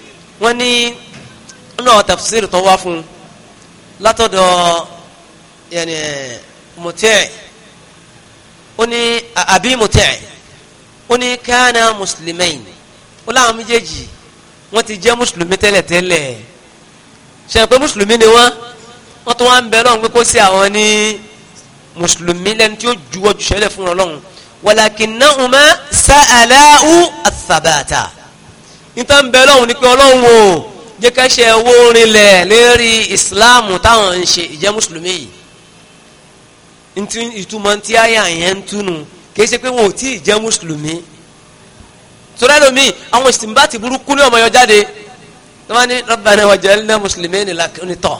wọ́n ní ọ̀nà tafsir tó wá fún un látọ̀dọ̀ yẹni mutẹ́ ó ní àbí mutẹ́ ó ní kánà muslimain ó láwọn méjèèjì wọ́n ti jẹ́ mùsùlùmí tẹ́lẹ̀tẹ́lẹ̀ ṣe pé mùsùlùmí ni wọ́n wọ́n tún wá ń bẹ lọ́run pé kó sí àwọn ní mùsùlùmí lẹ́ni tí ó ju ọjọ́ ṣẹlẹ̀ fún ọlọ́run walakinnahuma sa'alau athabata níta ń bẹ lọ́run ni pé ọlọ́run o jẹ́ ká ṣe owó rinlẹ̀ lérí ìsìláàmù táwọn ń ṣe ìjẹ́ mùsùlùmí yìí ìtumọ̀ tí àyà yẹn ń túnu kì ṣe pé wọn ò tí ì jẹ́ mùsùlùmí torí ẹlòmíì àwọn ìsìnbá ti burúkú ní ọmọ yọ wọ́n ní rabbana waj'alna muslimin lak onítọ̀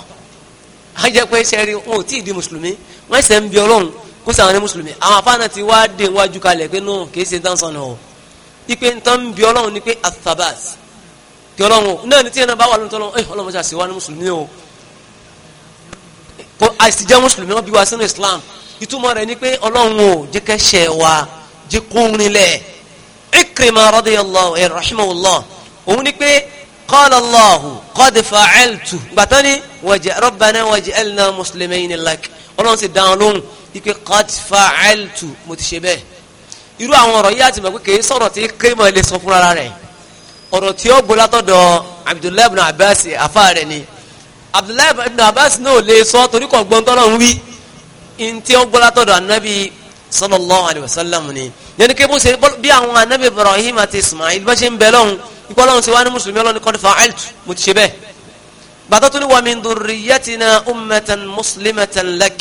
á jẹ́ pé sẹ́rí wọn ò tí ì di mùsùlùmí wọ́n ṣẹ̀ ń bi ọlọ́run kó sàwọn ní mùsùlùmí àwọn afáàná ti wá dé wájú kalẹ̀ pé nù kìí ṣe dáńsán ni o ipe ntọ́ ń bi ọlọ́run ni pé athabat kí ọlọ́run náà ní tí yẹn bá wà lóńtọ́ eh, ọlọ́run ẹ ọlọ́run ṣe àṣewá ní mùsùlùmí o kó àìsíjẹ́ mùsùlùmí wọn bí wa sínú Islam ìtumọ̀ rẹ̀ ni pé ọlọ́run o jẹ́ kẹ́ṣẹ̀ wa jẹ́ kórin lẹ̀ Ikrima radiyallahu rahimahullah òun ni pé qala Allahu qad fa'altu gbàtọ́ ni waj'a rabbana waj'alna muslimayni lak ọlọ́run sì dáhùn lóhùn ipe qad fa'altu mo ti ṣe bẹ́ẹ̀ irú àwọn ọ̀rọ̀ yìí àti mọ̀ pé kì í sọ̀rọ̀ tí kéèmọ̀ lè sọ fúnra rẹ̀ ọ̀rọ̀ tí ó gbọ́ látọ̀dọ̀ Abdullahi ibn Abbas afa rẹ̀ ni Abdullahi ibn Abbas náà lè sọ torí kò gbọ́n tọ́lọ́run wí ntí ó gbọ́ látọ̀dọ̀ anabi sallallahu alayhi wa sallam ni yẹn ni kébùsẹ̀ bí àwọn anabi Ibrahim àti Ismail bá ṣe ń bẹ lọ́hùn ikọ́ ọlọ́run ṣe wá ní mùsùlùmí ọlọ́run kọ́ ní fa'altu mo ti ṣe bẹ́ẹ̀ bàtà tó ní wa min dhurriyyatina ummatan muslimatan lak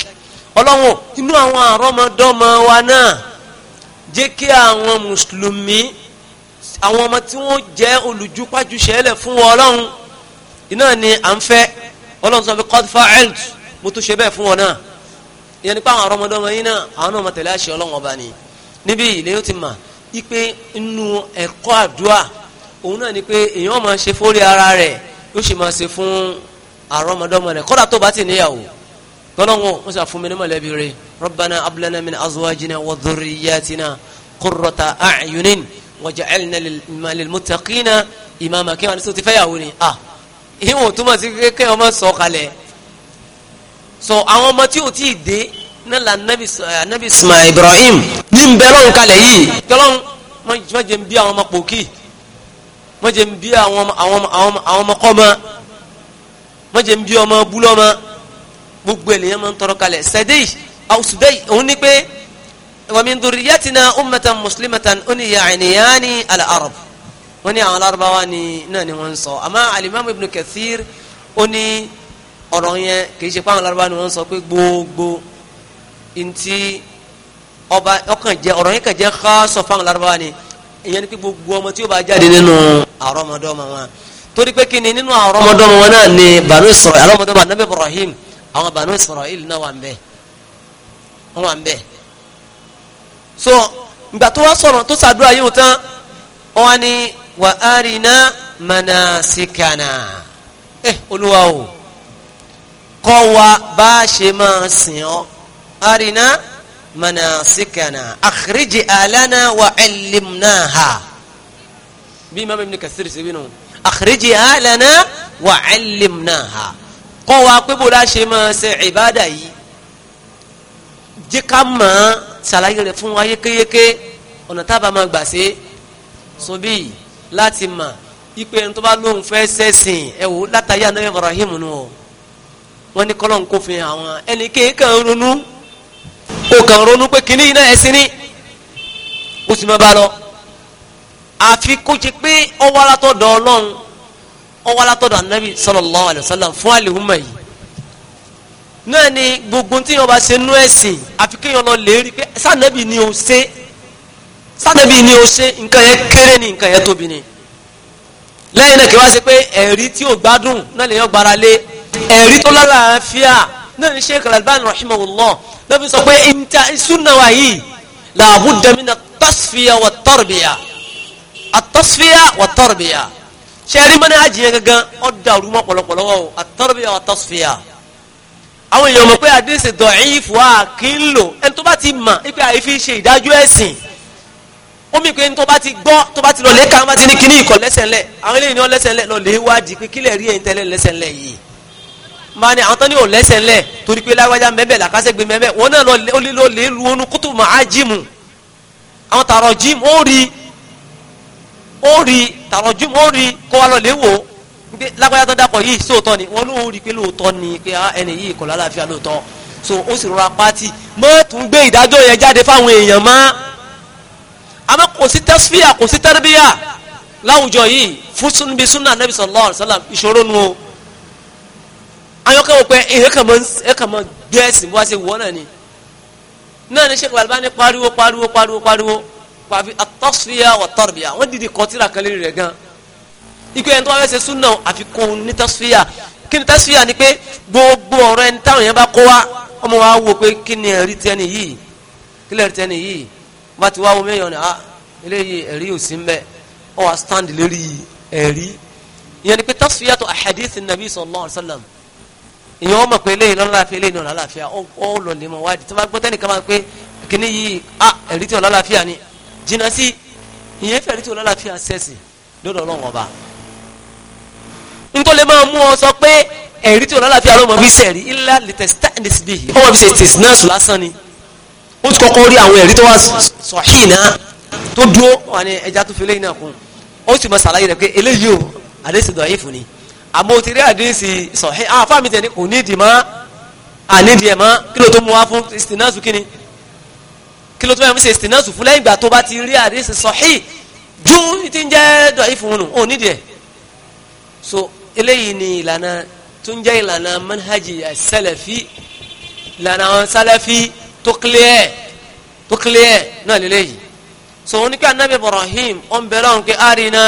ọlọ́run inú àwọn àrọ́mọdọ́mọ wa náà jẹ́ kí àwọn mùsùlùmí àwọn ọmọ tí wọ́n jẹ́ olùjúpájú ṣẹlẹ̀ fún wọn ọlọ́run iná ni à ń fẹ́ ọlọ́run sọ pé qad fa'altu mo tún ṣe bẹ́ẹ̀ fún wọn náà ìyẹn nípa àwọn àwọn náà òun náà ni pé èèyàn máa ṣe fórí ara rẹ̀ yóò ṣe máa ṣe fún àrọ́mọdọ́mọ rẹ̀ kódà tó bá ti níyàwó tọ́lọ́wọ́ wọ́n sà fún mi ní mọ̀lẹ́bí rẹ̀ rabbana ablana min azwajina wa dhurriyyatina qurrata a'yunin waj'alna lil muttaqina imama kí wọn ní sọ ti fẹ́yàwó ni ah ìwọ̀n túmọ̀ sí kékeré ọmọ sọ kalẹ̀ so àwọn ọmọ tí ò tí ì dé nílà anabi ismail ibrahim ní nbẹ́lọ́n kalẹ̀ yìí tọ́lọ́n mọ̀jẹ̀ bí àwọn ọmọ pòkì mọ́jẹ̀ ń bí àwọn ọmọkọ́mọ mọ́jẹ̀ ń bí ọmọ búlọ́mọ gbogbo ènìyàn máa ń tọrọ kalẹ̀ sẹ́dẹ̀ẹ́ àwùsùbẹ́ òun ni pé wa min dhurriyyatina ummatan muslimatan ó ní ya'niyani al-arab wọ́n ní àwọn alárúbáwá ni náà ni wọ́n ń sọ àmọ́ alimami ibn kathir ó ní ọ̀rọ̀ yẹn kì í ṣe pé àwọn alárúbáwá ni wọ́n sọ pé gbogbo ntí ọba ọkàn jẹ ọ̀rọ̀ yẹn kàn jẹ́ xaasọ̀ fáwọn alárúbáwá ni ìyẹn ni pé gbogbo ọmọ tí ó bá jáde nínú àrọ́mọdọ́mọ wọn torí pé kíni nínú àrọ́mọdọ́mọ wọn náà ni banu Israel àrọ́mọdọ́mọ anabi Ibrahim àwọn banu Israel náà wà ń bẹ wọn wà ń bẹ so ìgbà tó wá sọ̀rọ̀ tó sàdúrà yìí tán wọn ni wà á rìnà manasikana ẹ eh, olúwa o kọ́ wa bá a ṣe máa sìn ọ́ á rìnà manasikana akhriji alana wa allimnaha bí imam ibn kasir ṣe bí nù akhriji alana wa allimnaha kọ́ wa pé bó la ṣe máa ṣe ìbádà yìí jẹ́ ká mọ̀ ọ́n ṣàlàyé rẹ̀ fún wa yékéyéké ọ̀nà tá a bá máa gbà ṣe sọ bí láti mọ̀ ipe ẹni tó bá lóun fẹ́ sẹ́sìn ẹ wò látàyà náà Ibrahim nù ọ wọ́n ní kọ́lọ́n kófin àwọn ẹnì kéèké ronú kó kàn ronú pé kínní iná ẹ̀sìn ní ó sì máa bá lọ àfi kó pé ọwọ́ alátọ́dọ̀ ọlọ́run ọwọ́ alátọ́dọ̀ anabi sallallahu alayhi sallam fún àlehùnmá yìí náà ni gbogbo tí yọba ṣe nú ẹ̀sìn àfi kéèyàn lọ lè pé sànẹ́bì ni ó ṣe sànẹ́bì ni ó ṣe nǹkan yẹn kéré ni nǹkan yẹn tóbi ni lẹ́yìn náà kí wá ṣe pé ẹ̀rí tí ò gbádùn náà lè yàn gbára lé ẹ̀rí tó lálàáfíà náà ni sheikh al-Albani rahimahullah ló fi sọ pé nta sunna wa yìí làbúdà mina tasfiya wa tarbiya at-tasfiya wa tarbiya sẹ́ẹ̀rí mọ́ni àjìyẹ gangan ọ́ dàrú mọ́ pọ̀lọpọ̀lọwọ́ o at-tarbiya wa tasfiya àwọn èèyàn mọ̀ pé àdéhùn dọ̀ọ́yìn fúwa kì í lò ẹni tó bá ti mà ipe àìfi ṣe ìdájọ́ ẹ̀sìn omi pé tó bá ti gbọ́ tó bá ti lọ lẹ́ka wọn bá ti ní kíní ìkọ̀ lẹ́sẹ̀ ńlẹ̀ àwọn eléyìí ni wọ́n lẹ́sẹ̀ ńlẹ̀ lọ lè wádìí pé kílẹ̀ rí ẹ̀yin tẹ́lẹ̀ lẹ́sẹ̀ ńlẹ̀ yìí máa ní àwọn tán ní ò lẹ́sẹ̀ ńlẹ̀ torí pé lágbájá mẹ́bẹ̀ làkásẹ́gbé mẹ́bẹ̀ wọn náà lọ lè lu onú kótó máa jíìmù àwọn tààrọ̀ jíìmù ó rí ó rí tààrọ̀ jíìmù ó rí kó wa lọ lè wò pé lágbájá tó dapọ̀ yìí sóòótọ́ ni wọn lóò rí pé lóòótọ́ ni pé ah, ẹni yìí kọ̀ lálàáfíà lóòótọ́ so ó sì rọra pátì mọ́ tún gbé ìdájọ́ yẹn jáde fáwọn èèyàn mọ́ àmọ́ kò sí tẹ́sífíà kò sí tẹ́rẹ́bíà láwùjọ yìí fún sunbi sunna nabi sallallahu alaihi wasallam ìṣòro nu o ayọ́kẹ́ wò pé èyí eh, kàn mọ́ gbé ẹ̀sìn bó wá ṣe wọ́ náà ni náà ni Sheikh Albani pariwo pariwo pariwo pariwo pàfi at-tasfiya wa tarbiya wọ́n dìde kọtíra kan lérí rẹ̀ gan ikú ẹni tó wá fẹ́ ṣe súnà àfikún ní tasfiya kí ni tasfiya ni pé gbogbo ọ̀rọ̀ ẹni táwọn yẹn bá kó wa ọmọ wa wò pé kí ni ẹ̀rí tẹ́ni yìí kí lẹ́rí tẹ́ni yìí bá ti wá wo mẹ́yọ̀ ni ah eléyìí ẹ̀rí wa stand lérí ẹ̀rí ìyẹn ni pé tasfiya tó ahadith nabi sallallahu alayhi wa sallam ìyẹn wọn mọ̀ pé eléyìí lọ́lọ́láfíà eléyìí náà lọ́lọ́láfíà ó lọ lè mọ wádìí tó bá gbọ́ tẹ́nìkan máa pé kíní yìí a ẹ̀rí tí ọlọ́láfíà ni jìnnà sí ìyẹn fẹ́ ẹ̀rí tí ọlọ́láfíà sẹ́sì lọ́dọ̀ ọlọ́run ọba nítorí máa mú ọ sọ pé ẹ̀rí tí ọlọ́láfíà ló mọ̀ bí sẹ̀rí ilá lìtẹ̀sítẹ́ndìsíbì ọmọ bí sẹ̀tìsì náà sùn lásán ni ó ti kọ́kọ́ rí àwọn ẹ̀rí tó wá sọ̀hìn náà tó dúró wà ní ẹja tó fi eléyìí náà kún ó sì mọ sàlàyé rẹ̀ pé eléyìí o àdéṣe àmọ́ ti rí àdéhìsì sọ̀hí àwọn afáàmì tẹ̀ ní kò ní ìdì mọ́ àníìdì ẹ̀ mọ́ kí ló tó mú wá fún ìsìnàṣù kí ni kí ló tó mú wá fún ìsìnàṣù fún lẹ́yìn ìgbà tó bá ti rí àdéhìsì sọ̀hí ju ti ń jẹ́ dọ̀yìn fún un ò nídìí ẹ̀ so eléyìí ni ìlànà tó ń jẹ́ ìlànà manhaji sẹlẹ̀fì ìlànà àwọn sẹlẹ̀fì tó clear tó clear náà lélẹ́yìí so oníkẹ́ anábì Ibrahim ọ̀nbẹ̀rẹ̀ ọ̀nkẹ́ àrínà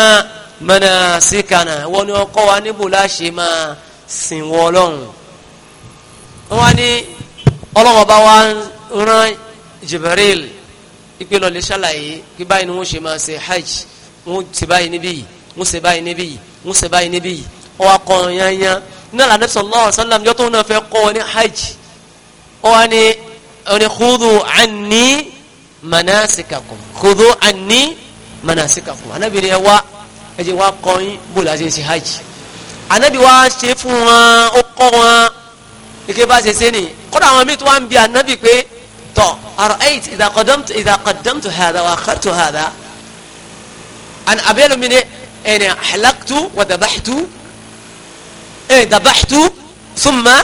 mọ́nà síkànnà wọ́n ní ọkọ́ wa níbò láṣẹ máa sìn wọ ọlọ́run wọ́n ní ọlọ́wọ́ bá wa rán Jibril ipe lọ́ọ́ lè ṣàlàyé kí báyìí ni wọ́n ṣe máa ṣe hajj wọ́n ṣe báyìí níbí wọ́n ṣe báyìí níbí wọ́n ṣe báyìí níbí ọwọ́ akọ yanyan náà lànà sallallahu alaihi wasallam jọ́tọ̀ náà fẹ́ kọ́ wọn ní hajj wọ́n ní ọ̀nì khudhu anni manasikakum khudhu anni manasikakum anábìrin ẹ wá ẹ jẹ́ wá kọ́ yín bó la ṣe ṣe hajj anabi wa ṣe fún wọn ó kọ́ wọn ike bá ṣe ṣe ni kódà àwọn míì tó wá ń bi anabi pé tọ àrò ẹ̀yìn idha qaddamtu idha qaddamtu hadha wa akhartu hadha an abẹ́lu mi ni ẹni halaktu wa dabahtu ẹni dabahtu thumma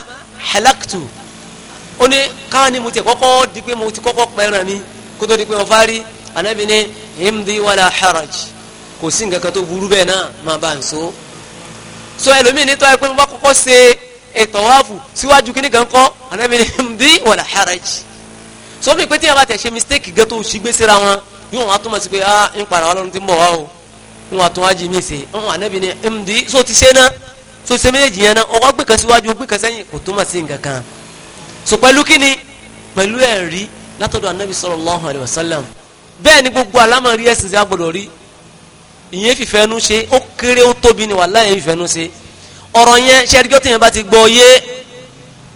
halaktu ó ní káwọn mo ti kọ́kọ́ di pé mo ti kọ́kọ́ pẹ́ràn mi kótó di pé mo fárí anabi ni himdi wala haraj kò sí nǹkan kan tó burú bẹ́ẹ̀ náà máa bá ń so so ẹlòmíì ní tọ́wọ́ pé wọ́n bá kọ́kọ́ ṣe ìtọ̀wáàfù síwájú kíní kan kọ́ ànábi ní bí hmm, wàlà haraj so mi pé tí yàrá tẹ̀ ṣe mistake gan tó ṣì gbé síra wọn yóò wọn atúmọ̀ sí pé ah ń para wa lọ́run ti ń bọ̀ wá o ń wọn atún wá jí mi sè ń ànábi ní md hmm, so ti ṣe náà so ṣe méjèèjì yẹn náà ọkọ̀ gbé kan síwájú gbé kan sẹ́yìn kò túmọ̀ sí nǹkan kan so pẹ̀lú kíni pẹ̀lú ẹ̀rí látọ̀dọ̀ ànábi sallallahu alaihi wasallam bẹ́ẹ̀ ni gbogbo alámọ̀rí ẹ̀sìn sí agbọ́dọ̀ rí ìyẹn fìfẹ́nu ṣe ó kéré ó tóbi ni wàhálà yẹn fìfẹ́nu ṣe ọ̀rọ̀ yẹn ṣẹ́ríjọ́ tó yẹn bá ti gbọ́ yé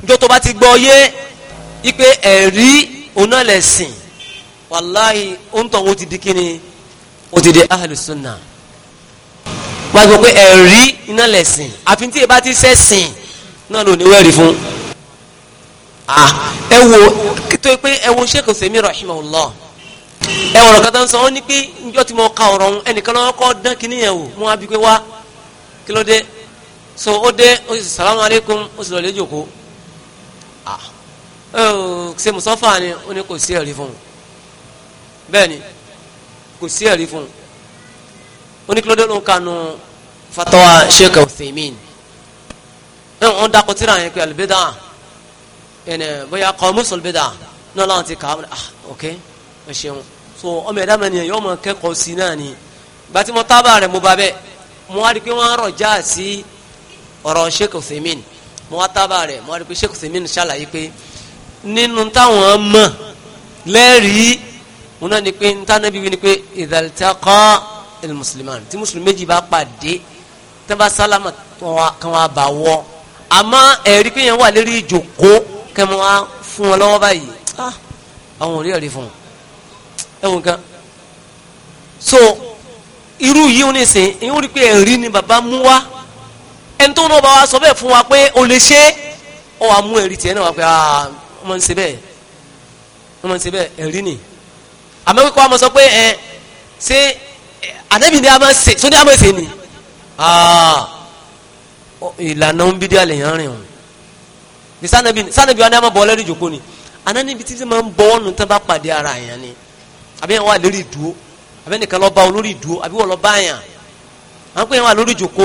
jọ́ tó bá ti gbọ́ yé ipe ẹ̀rí oná lẹ̀ sìn wàláhì òǹtọ̀ wo ti di kíni o ti di ahlu sunna wọ́n á sọ pé ẹ̀rí iná lẹ̀ sìn àfi tí ìbá ti sẹ́ sìn náà ló ní wẹ́ẹ̀rí fún. ẹ wo tó yẹ pé ẹ wo sheikh sèmi rahimahullah ẹ ọ̀rọ̀ kan tó ń sọ ọ́ ní pé njọ́ tí mo ka ọ̀rọ̀ ọ̀hún ẹnìkan lọ́wọ́ kọ́ dán kínní yẹn wò mo á bí pé wá kí ló dé so ó dé ó sì salamu ó sì lọ lé jòkó ah ẹ ò ṣe mùsọ́fà ni ó ní kò sí ẹ̀rí fún un bẹ́ẹ̀ ni kò sí ẹ̀rí fún un ó ní kí ló dé ló ń kanu fatawa sheikh Uthaymin ẹ wọn dákọ tíra yẹn pé alibeda ẹ bóyá kọ́ mùsùlùmí bẹ́ẹ̀ náà láwọn ti kà á ah, ok ẹ so ọmọ ẹ̀dá mẹ́rin yẹn yọ ọmọ kẹ́kọ̀ọ́ sí náà ni gbàtí mo tábà rẹ̀ mo bá bẹ́ẹ̀ mo wá rí i pé wọ́n rọ̀ já sí ọ̀rọ̀ sheikh osemin mo wá tábà rẹ̀ mo wá rí i pé sheikh osemin ṣàlàyé pé nínú táwọn mọ̀ lẹ́rìí ni pé ntáná bíbí ni pé ìdàlítàkọ́ ẹlẹ́mùsùlùmán tí mùsùlùmí méjì bá pàdé kan wá bá wọ́ àmọ́ ẹ̀rí pé yẹn wà lérí ìjòkó kẹ́ mo wá fún wọn lọ́wọ́ báyìí ah, àwọn ò rí ẹ̀rí fún un ẹ̀wọ̀n kan so irú yìí ń sìn ìyẹn ó rí pé ẹ̀rí ni bàbá mú wá ẹni tó náà bá wa sọ bẹ́ẹ̀ fún wa pé o lè ṣe é ọ wa mú ẹ̀rí tiẹ̀ náà wá pé ah, ọmọ ń ṣe bẹ́ẹ̀ ọmọ ń ṣe bẹ́ẹ̀ ẹ̀rí ni àmọ́ kíkọ́ wa mọ̀ sọ pé ẹ ṣé ànábì ni a máa ṣe sóní a máa ṣe ni ah, ìlànà ń bí dí àlè yẹn rìn o ní sànàbí sànàbí wa ni a máa bọ̀ ọ́ lẹ́rìí jòkó ni ànábì títí máa ń bọ́ ọ́nù tán bá pàdé ara yẹn ni àbí yẹn wà lórí ìdúró àbí ẹnìkan lọ bá wọn lórí ìdúró àbí wọn lọ bá yàn àwọn pé yẹn wà lórí ìjòkó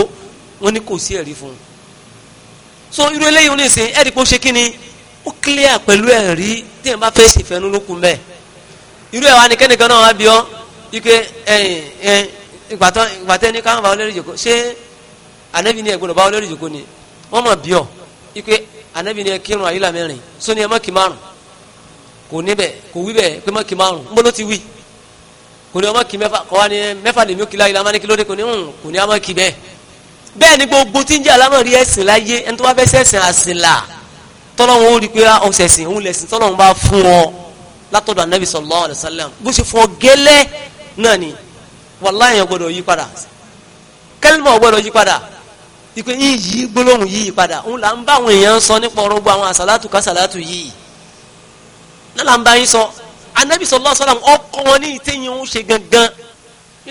wọn ní kò sí ẹ̀rí fún un so irú eléyìí wọn lè sìn ẹ̀rí pé ó ṣe kí ni ó clear pẹ̀lú ẹ̀rí tí yẹn bá fẹ́ ṣèfẹ́nu lókun bẹ́ẹ̀ irú ẹ̀ wà ní kẹ́nìkan náà wá bí ọ́ ike ẹ̀yìn ẹ̀yìn ìgbàtọ́ ìgbàtẹ́ ní káwọn bá wọn lórí ìjòkó ṣé ànábì ni ẹ̀gbọ́n bá wọn lórí ìjòkó ni wọ́n mọ̀ bí ọ́ ike ànábì ni ẹ kírun àyílà mẹ́rin sóni ẹ mọ́ kí márùn-ún kò níbẹ̀ kò wí bẹ̀ pé má kí márùn ń bolo ti wí kò ní ọmọ kí mẹ́fà kọ́ wa ní mẹ́fà lèmi kí láyé lamá ní kí lóde kò ní hùn kò ní ọmọ kí bẹ́ẹ̀ bẹ́ẹ̀ ni gbogbo tí ń jẹ́ alámọ̀rí ẹ̀sìn láyé ẹni tó bá fẹ́ sẹ̀sìn àsìnlà tọ́lọ́hún ó rí i pé ọ̀sẹ̀sìn ah, òun lẹ̀sìn tọ́lọ́hún bá fún ọ látọ̀dọ̀ anabi sallallahu alaihi wasallam bó ṣe fún ọ gẹ́lẹ́ náà ni wàláhì yẹn gbọ́dọ̀ yí padà kẹ́lìmọ̀ gbọ́dọ̀ yí padà ìpè yí gbólóhùn yí padà òun là ń nílà ń bá yín sọ anabi sallallahu alaihi wasallam ọkọ wọn ní ìtẹ̀yìn òun ṣe gangan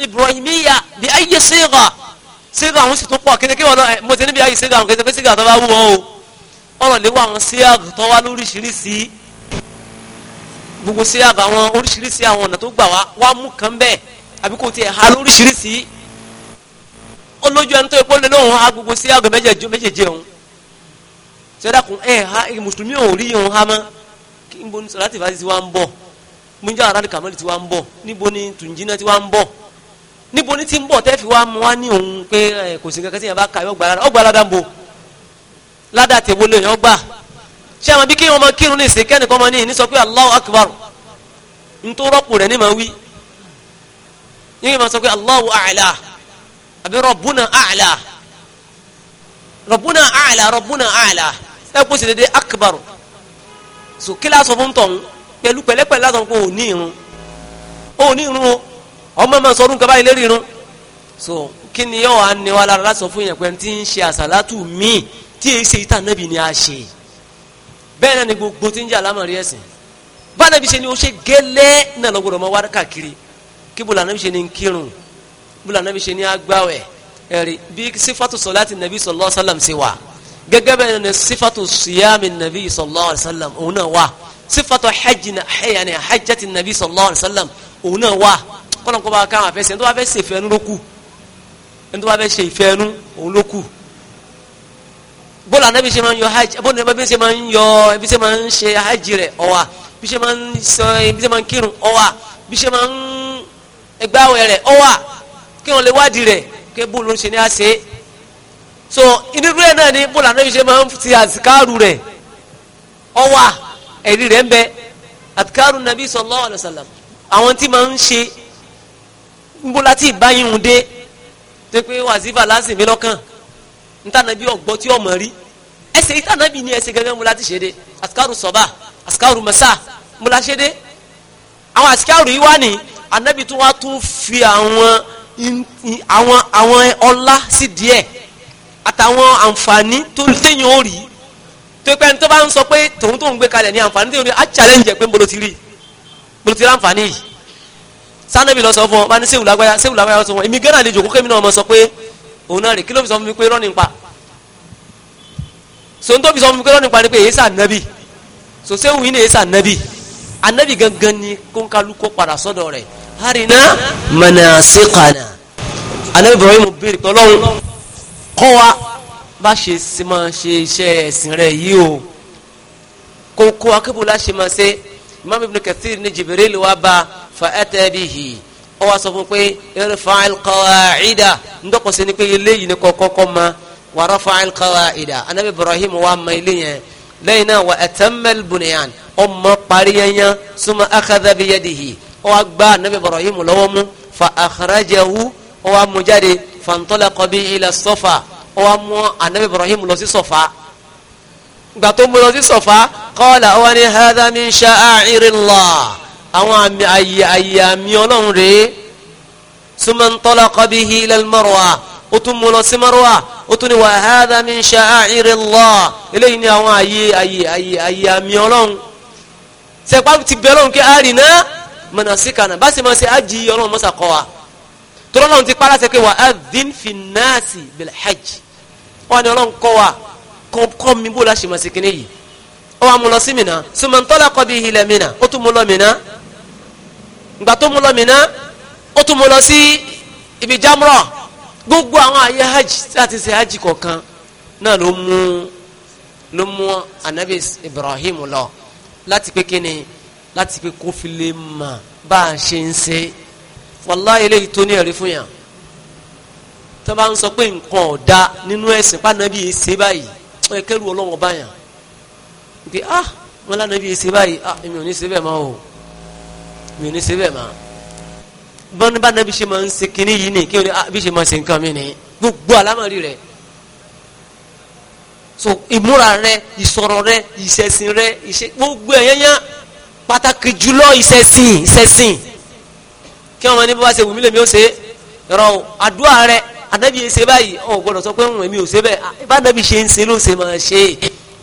ibrahimiya bi ayé sèga sèga òun sì tún pọ̀ kékeré wọn náà mo ti níbi ayé sèga òun kékeré sèga tó bá wù wọn o ọ̀rọ̀ lé wọn sèga tó wá lóríṣiríṣi gbogbo sèga àwọn oríṣiríṣi àwọn ọ̀nà tó gbà wá wá mú kan bẹ́ẹ̀ àbí kò tiẹ̀ ha lóríṣiríṣi olójú ẹni tó yẹ kó lé lóhùn ha gbogbo sèga méjèèjì òun sẹ́dá kun ẹ̀ ha mùsùlùmí òun rí òun ha mọ́ níbo ni sọláàtì fásitì wa ń bọ̀ múnjọ aráàlú kàmẹ́lì ti wa ń bọ̀ níbo ni tùǹjìnà ti wa ń bọ̀ níbo ni ti ń bọ̀ tẹ́fì wa mú wa ní òun pé ẹ kò sí kankan tí yẹn bá ka yọ gbàládà ọ gbàládà ń bo ládà tèwo lè yàn gbà ṣé àwọn bí kí wọn máa kírun ní ìsìn kẹ́nìkan máa ní ìní sọ pé Allahu Akbar ntó rọ́pò rẹ̀ ní máa wí yíyan máa sọ pé Allahu A'la àbí Rabbuna A'la Rabbuna A'la Rabbuna A'la ẹ kó sì dédé akbar so kí la sọ fún tọ̀hún pẹ̀lú pẹ̀lẹ́pẹ̀lẹ́ la sọ fún òní irun òní irun o ọmọ máa sọdún kaba ìlérí irun so kí ni yóò wá ní wa lára láti sọ fún yẹn pé tí ń ṣe àsàlátù míì tí èyí ṣe ìta nàbì ni a ṣe bẹ́ẹ̀ náà ni gbogbo tí ń jẹ́ àlámọ̀rí ẹ̀sìn bá nàbì ṣe ni ó ṣe gẹ́lẹ́ náà lọ́gbọ̀dọ̀ máa wá káàkiri kí bùlà ni ń kírun bùlà nàbì ṣe ni agbáwẹ̀ ẹ̀rí bí sífàtù sọ̀láàtì nàbì sallallahu alaihi wasallam ṣe wà gẹ́gẹ́ bẹ́ẹ̀ ni sifatu siyami nabi sallallahu alayhi wa sallam òun náà wà sifatu hajjina yani hajjati nabi sallallahu alayhi wa sallam òun náà wà kọ́nà kọ́ bá ká àwọn afẹ́sẹ̀ ẹni tó bá fẹ́ ṣe ìfẹ́ ẹnu ló kù ẹni tó bá fẹ́ ṣe ìfẹ́ òun ló kù bọ́lá anabi ṣe máa ń yọ hajj bọ́lá anabi ṣe máa ń yọ ebi ṣe máa ń ṣe hajj rẹ̀ ọ̀wà bí ṣe máa ń sọ ebi ṣe máa ń kírun ọ̀wà bí ṣe máa ń ẹgbẹ́ àwẹ̀ rẹ̀ ọ̀wà kí wọ́n lè wádìí rẹ̀ kí bọ́ọ̀lù ń ṣe ní àṣẹ so inú ẹ náà ni bóla anábì ṣe máa ń ti àsìkáàrù rẹ̀ ọwà ẹ̀rí rẹ̀ ń bẹ àsìkáàrù nàbí sallallahu alaihi wasallam àwọn tí máa ń ṣe bóla tí ìbáyìhùn dé tó pé wàzífà lásìmí lọ́kàn ntànàbí ọ̀gbọ́ tí ọmọ rí ẹsẹ̀ ìtànàbí ni ẹsẹ̀ gẹ́gẹ́ múlá ti ṣe dé àsìkáàrù sọ̀bà àsìkáàrù mẹ́sà múlá ṣe dé àwọn àsìkáàrù yìí wá ní anábì tó wá tún fi àwọn àwọn ọlá sí díẹ̀ àtàwọn àǹfààní tó téèyàn ó rí tó pẹ́ ní tó bá ń sọ pé tòun tó ń gbé kalẹ̀ ní àǹfààní téèyàn ó rí á challenge ẹ̀ pé mbolo ti rí mbolo ti rí àǹfààní yìí sanabi lọ sọ fún ọ bá ní sèwù lágbáyà sèwù lágbáyà sọ fún ọ èmi gánà àlejò kókè mi náà mọ sọ pé òun náà rè kí ló fi sọ fún mi pé rọ́ọ̀nì pa so n tó fi sọ fún mi pé rọ́ọ̀nì pa ni pé èyí sànẹ́bì so sèwù yìí ni èyí sànẹ́bì anabi gangan ni kónkálukó padà sọ́dọ̀ rẹ̀ harina manasikana anabi ibrahim béèrè pé ọlọ́run kọ́ wa bá ṣe ṣe máa ṣe iṣẹ́ ẹ̀sìn rẹ̀ yìí o kò kó akébò láṣẹ máa ṣe imam ibn kathir ní jibril wa bá fa ata bihi ó wá sọ fún pé irfa'il qawa'ida ndọ́kọ̀ sí ni pé eléyìí ni kọ́kọ́kọ́ ma wa rafa'il qawa'ida anabi ibrahim wa ma ilé lẹ́yìn náà wà ẹ̀tẹ́mẹ́lì bùnìyàn ọmọ pariyanya súnmọ́ akadá biyadihi ó wá gbá anabi ibrahim lọ́wọ́ mú fa akhrajahu ó wá mú jáde fantalaqa bihi ila Safa ó wá mú anabi Ibrahim lọ sí Safa gbà tó mú lọ sí Safa qala ó wá ní hadha min sha'airillah àwọn àmì àyè àyè àmì ọlọ́run rèé suma ntalaqa bihi ila al-Marwa ó tún mú lọ sí Marwa ó tún ní wa hadha min sha'airillah eléyìí ni àwọn àyè àyè àyè àyè àmì ọlọ́run sẹ́pà ti bẹ́ẹ̀ lọ́run kí arìnà mọ̀nà síkànnà bá sì máa ṣe ájì ọlọ́run mọ́sàkọ́ wa tọ́lọ́lọ́run ti pa láṣẹ pé wà á dín fi náàsì bil hajj wọn ni ọlọ́run kọ́ wa kọ́ mi bó la ṣe máa ṣe yìí ó wàá lọ sí Mina sùmọ̀ntọ́lá kọ́ bí ilẹ̀ Mina ó tún mú lọ Mina ìgbà tó mú lọ Mina ó tún mú lọ sí ibi Jamra gbogbo àwọn àyè hajj láti ṣe hajj kọ̀ọ̀kan náà ló mú ló mú anabi Ibrahim lọ láti pé kíni láti pé kófìlè mà bá a ṣe ń ṣe wàláyé eléyìí tó ní ẹ̀rí fún yàn tó bá ń sọ pé nǹkan ọ̀dà nínú ẹ̀sìn pànàbí yìí ṣe báyìí wọ́n yẹ kẹ́rù ọlọ́wọ́n báyàn pé ah wọn lánàbí yìí ṣe báyìí ah èmi ò ní ṣe bẹ́ẹ̀ máa o èmi ò ní ṣe bẹ́ẹ̀ máa bọ́ni bá nàbí ṣe máa ń ṣe kinní yìí ni kí wọ́n ní ah bí ṣe máa ṣe nǹkan mi ni gbogbo àlámọ̀rí rẹ̀ so ìmúra rẹ̀ ìsọ̀rọ̀ rẹ̀ ìṣẹ̀sìn rẹ̀ ìṣe gbogbo ẹ̀yẹ́yẹ́ pàtàkì jùlọ ìṣẹ̀sìn ìṣẹ̀sìn kí wọn ní bó bá ṣe wù mí lèmi ó ṣe rọrùn àdúrà rẹ ànábì ṣe báyìí ọ̀ gbọ́dọ̀ sọ pé ń rìn mí ò ṣe bẹ́ẹ̀ ìbánábì ah, ṣe ń ṣe ló ṣe máa ṣe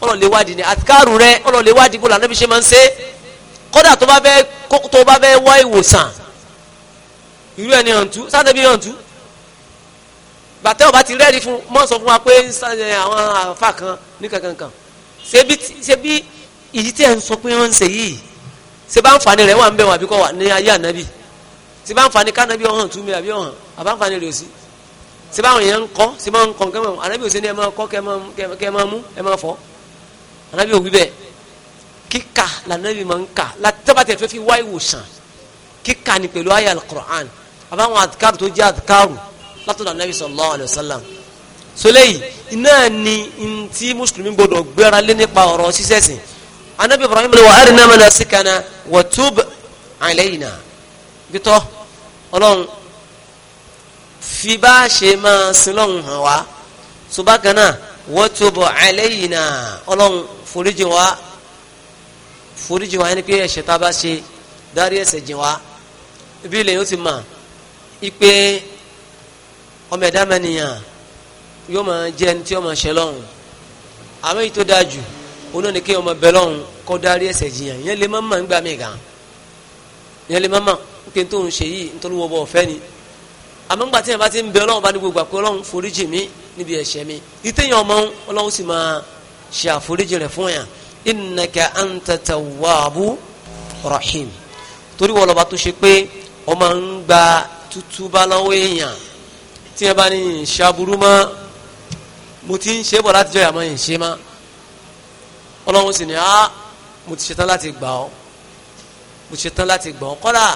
ọ̀nà lè wádìí ni àtikárù rẹ ọ̀nà lè wádìí bó lànábì ṣe máa ń ṣe kódà tó bá fẹ́ tó bá fẹ́ wá ìwòsàn irú ẹni ọ̀ǹtú sádẹ́bí ọ̀ǹtú gbàtẹ́ ọba ti rẹ́ẹ̀rí fún mọ́ sọ fún wa pé àwọn àfa kan ní kankankan ṣe bí ìyí tí ẹ̀ ń sọ pé wọ́n ń ṣe yìí ṣe bá ń fa ni rẹ̀ wà ń bẹ̀ wà bí wà ní ayé ànábì ṣé bá ń fani kánábí ọ̀hún túmí àbí ọ̀hún àbá ń fani rè sí ṣé báwọn èèyàn ń kọ́ ṣé máa ń kọ́ kẹ́mọ̀ ànábì òsè ni ẹ máa kọ́ kẹ́ máa mú ẹ máa fọ́ ànábì òwí bẹ́ẹ̀ kíkà lànàbì máa ń kà látàbàtẹ̀ fẹ́ fi wá ìwòsàn kíkà ni pẹ̀lú àyà alukur'an àbáwọn àtikárù tó jẹ́ àtikárù látọ̀dọ̀ ànábì sallallahu alaihi wasallam soleyi iná ni ntí mùsùlùmí gbọdọ̀ gbéra lé nípa ọ̀rọ̀ sísẹ́sìn anabi ibrahim ni wa arina mana sikana wa tub alayna bitọ́ ọlọ́run fi bá a ṣe máa sin lọ́hùn hàn wá so bákan náà wọ́n tó bọ̀ àìlẹ́yìn náà ọlọ́run foríjì wá foríjì wá yẹn ni pé ẹ̀ṣẹ̀ tá a bá ṣe dárí ẹ̀ṣẹ̀ jìn wá ibi ilẹ̀ yóò ti mà ipe ọmọ ẹ̀dá mẹ́niyàn yóò máa jẹ́ ẹni tí yóò máa ṣe lọ́hùn àwọn èyí tó dáa jù olóòní kí ọmọ bẹ lọ́hùn kọ́ dárí ẹ̀ṣẹ̀ jìyàn yẹn lè má mà ń gbà mí gan yẹn lè má mà pé tó ń ṣe yìí nítorí wọ́n bọ̀ ọ̀fẹ́ ni àmọ́ ńgbà tí yẹn bá ti ń bẹ ọlọ́run bá ní gbogbo àpò ọlọ́run foríjì mi níbi ẹ̀ṣẹ̀ mi ìtẹ̀yìn ọmọ ọlọ́run sì máa ṣe àforíjì rẹ̀ fún yàn innaka anta tawwabu rahim torí wọ́n lọ́ba tó ṣe pé ọmọ ń gba tútúbá lọ́wọ́ èèyàn tí yẹn bá ní ìṣàbùrú mọ́ mo ti ń ṣe bọ̀ láti jọ ìyàmọ́ yìí ṣe má ọlọ́run sì ní á mo ti ṣetán láti gbà ọ́ mo ti ṣetán láti gbà ọ́ kọ́dà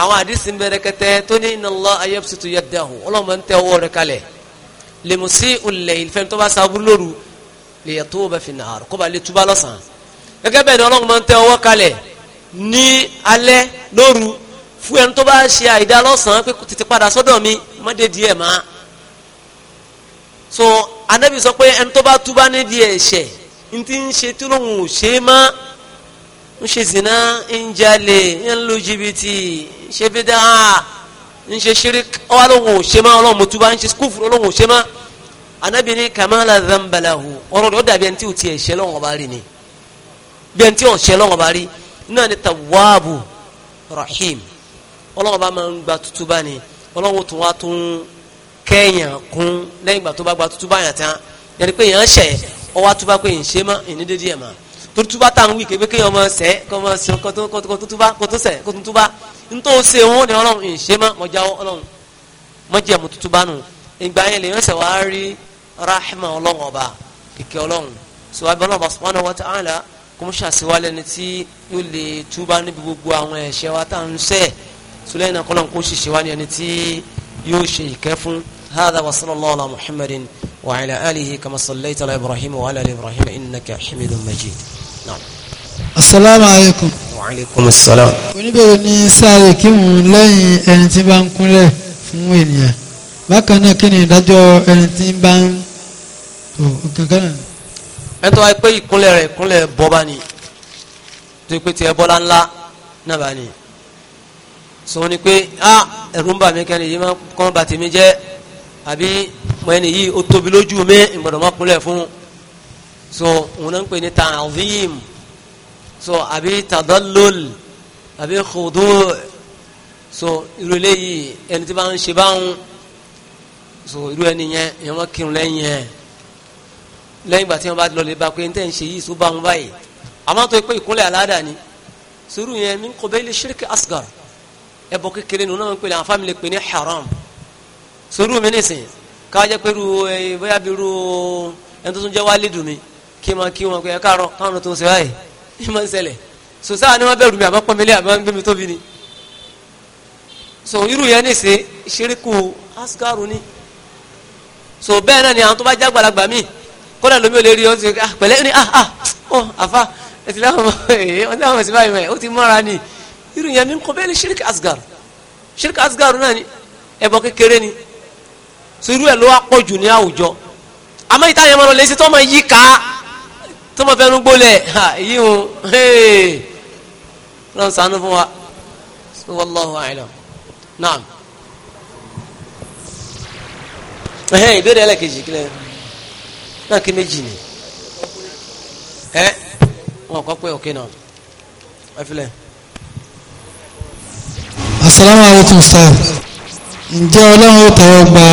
àwọn àdìsí bẹ̀rẹ̀ kẹtẹ tó ní inna Allah ayabsutu yadahu ọlọ́mọ ń tẹ ọwọ́ rẹ̀ kalẹ̀ lèmùsí olè ìfẹ́ tó bá sábúrú lóru lèyẹ tó bá fi nàárọ̀ kó bá lè túbá lọ́sàn gẹ́gẹ́ bẹ́ẹ̀ ọlọ́mọ ń tẹ ọwọ́ kalẹ̀ ní alẹ́ lóru fún ẹni tó bá ṣe àìdá lọ́sàn pé tètè padà sọ́dọ̀ mi má díẹ̀ má so anabi sọ pé ẹni tó bá túbá nídìí ẹ̀ṣẹ̀ ń ṣe zina ń jalè ń lu jìbìtì ń ṣe bídà ń ṣe ṣírík ọwọ́ lóhùn òṣèmá ọlọ́run mo túbà ń ṣe skúfù ọlọ́run òṣèmá Ànábì kamala zambalahu ọ̀rọ̀ rẹ̀ ó dàbí ẹni tí ò ọba rí ni bí ẹni tí ọba rí náà ni tawaabu rahim ọlọ́run ọba máa ń gba tutu bá ni ọlọ́run tó wá tó ń kẹ́yàn kún lẹ́yìn ìgbà tó bá gba tutu bá yàn tán yẹn ni pé yàn ń ṣẹ̀ ọwọ́ àtúbá pé torí túbá tá à ń wí képe kéèyàn ọmọ sẹ kọ ọmọ sẹ kọ tó kọ tó túbá kọ tó sẹ kọ tó túbá ntọ́ ṣe wọn ni ọlọ́run ìṣe má mọ̀já ọlọ́run mọ̀já mọ̀ tuntun bá nù ìgbà yẹn lèyàn ṣẹ̀ wàá rí rahima ọlọ́run ọba kìkẹ́ ọlọ́run sọ wàá bẹ ọlọ́run ọba subhanahu wa ta'ala kò mú ṣàṣewálẹ̀ ni tí yóò lè túbá níbi gbogbo àwọn ẹ̀ṣẹ̀ wa tá ń ṣẹ̀ sọlẹ́yìn náà kọ́lọ́n kó ṣiṣẹ́ wá ní ẹni tí yóò ṣe ìkẹ́ fún هذا وصلى الله على محمد وعلى آله كما صليت على إبراهيم وعلى آل إبراهيم إنك حميد مجيد asalaamu aleykum. wa salaam. oníbẹ̀rẹ̀ ní sáré kírun lẹ́yìn ẹni tí bá ń kúnlẹ̀ fún ènìyàn bákan náà kí ni ìdájọ́ ẹni tí bá ń tó kankan náà. ẹni tó pé ìkúnlẹ̀ rẹ̀ ìkúnlẹ̀ bọ́ba ni tó pé tiẹ̀ bọ́lá ńlá náà bá ní sọ ni pé a ẹ̀rù ń bà mí kẹ́ni yìí máa kọ́ bàtí mi jẹ́ àbí mọ ẹni yìí ó tóbi lójú mi ìgbọ̀dọ̀ máa kúnlẹ̀ fún un so òun náà ń pè ní ta'zim so àbí tadallul àbí khudu' so irú eléyìí ẹni tí bá ṣe báwọn so irú ẹni yẹn èèyàn wọn kírun lẹ́yìn ẹ̀ lẹ́yìn ìgbà tí wọ́n bá lọ lè ba pé ní tẹ̀ ń ṣe yìí so bá wọn báyìí àmọ́ tó pé ìkúnlẹ̀ aláàdá ni sùúrù yẹn min qabili shirki asgar ẹ̀bọ kékeré nínú náà ń pèlè àǹfààní lè pè ní haram sùúrù mi nìsín káwájẹ́ pẹ̀lú eh, bóyá bí ru ẹni tó tún jẹ́ wálé dùn mi kí máa kí wọn pé ẹ káàárọ̀ káwọn tó ń ṣe báyìí ní máa ń ṣẹlẹ̀ so sáà ni wọ́n bẹ̀rù mi àbá pọ́nmi lé àbá ń gbé mi tóbi ni so irú yẹn ní ṣe ṣeréku asgaru ni so bẹ́ẹ̀ náà ni àwọn tó bá jágbàlagbà míì kọ́lá lómi ò lè rí ọtí ah pẹ̀lẹ́ ni ah ah oh àfa ẹtì láwọn ọmọ ẹ ọtí láwọn ọmọ sí báyìí ó ti mọ́ra ni irú yẹn mi ń kọ́ bẹ́ẹ̀ ni ṣeréku asgaru ṣeréku asgaru náà ni ẹbọ kékeré ni so irú ẹ̀ ló wá pọ̀ jù ní àwùjọ àmọ́ ìta lọ lè ṣe tó ọmọ yìí ká tó mọ̀ fẹ́nu gbólẹ̀ yíhun lọ́n sànú fún wa wallahu a'lam naam ẹ̀hẹ́n ìbéèrè ẹlẹ́kejì kílẹ̀ náà kí méjì ni ẹ́ wọn kọ́ pé òkè náà ẹ filẹ̀. asalaamu alaykum sir ǹjẹ́ ọlọ́run ó tẹ́wọ́ gba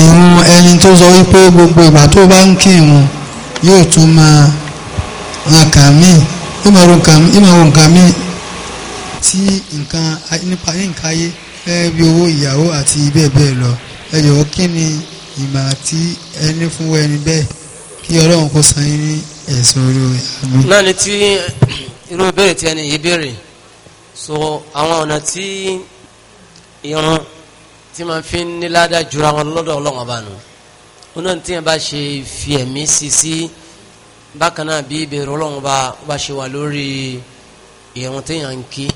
ìrun ẹni tó sọ wípé gbogbo ìgbà tó bá ń kírun yóò tún máa ran kàn mí ìmọ̀ ro nǹkan mí tí nǹkan nípa nǹkan ayé gẹ́gẹ́ bí owó ìyàwó àti bẹ́ẹ̀ bẹ́ẹ̀ lọ ẹ jọ̀wọ́ kí ni ìmọ̀ àti ẹni fún ẹni bẹ́ẹ̀ kí ọlọ́run kó san yín ní ẹ̀sùn orí àmì. náà ni tí irú ìbéèrè tí ẹni yìí béèrè so àwọn ọ̀nà tí irun tí máa fi ń ní ládàá jura wọn lọ́dọ̀ ọlọ́run ọba nù wọn náà tí yẹn bá ṣe fi ẹ̀mí sí sí bákan náà bí ìbẹ̀rù ọlọ́run bá bá ṣe wà lórí ìrun tí yẹn ń kí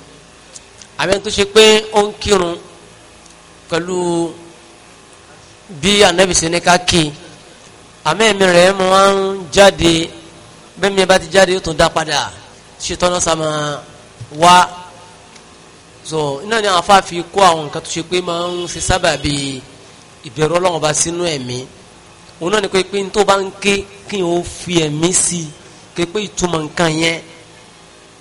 àbẹ́ni tó ṣe pé ó ń kírun pẹ̀lú bí ànábìsẹ̀ ní ká kí àmẹ́mi rẹ̀ mọ́ ń jáde bẹ́ẹ̀ mi bá ti jáde ó tún dá padà ṣetán ọ̀sán máa wá so iná ni àwọn afáàfi kó àwọn nǹkan tó ṣe pé máa ń ṣe sábà ìbẹ̀rù ọlọ́run ọba sínú ẹ̀mí òun náà ni pé pé tó bá ń ké kí n ó fi ẹ̀mí sí i pé ìtumọ̀ nǹkan yẹn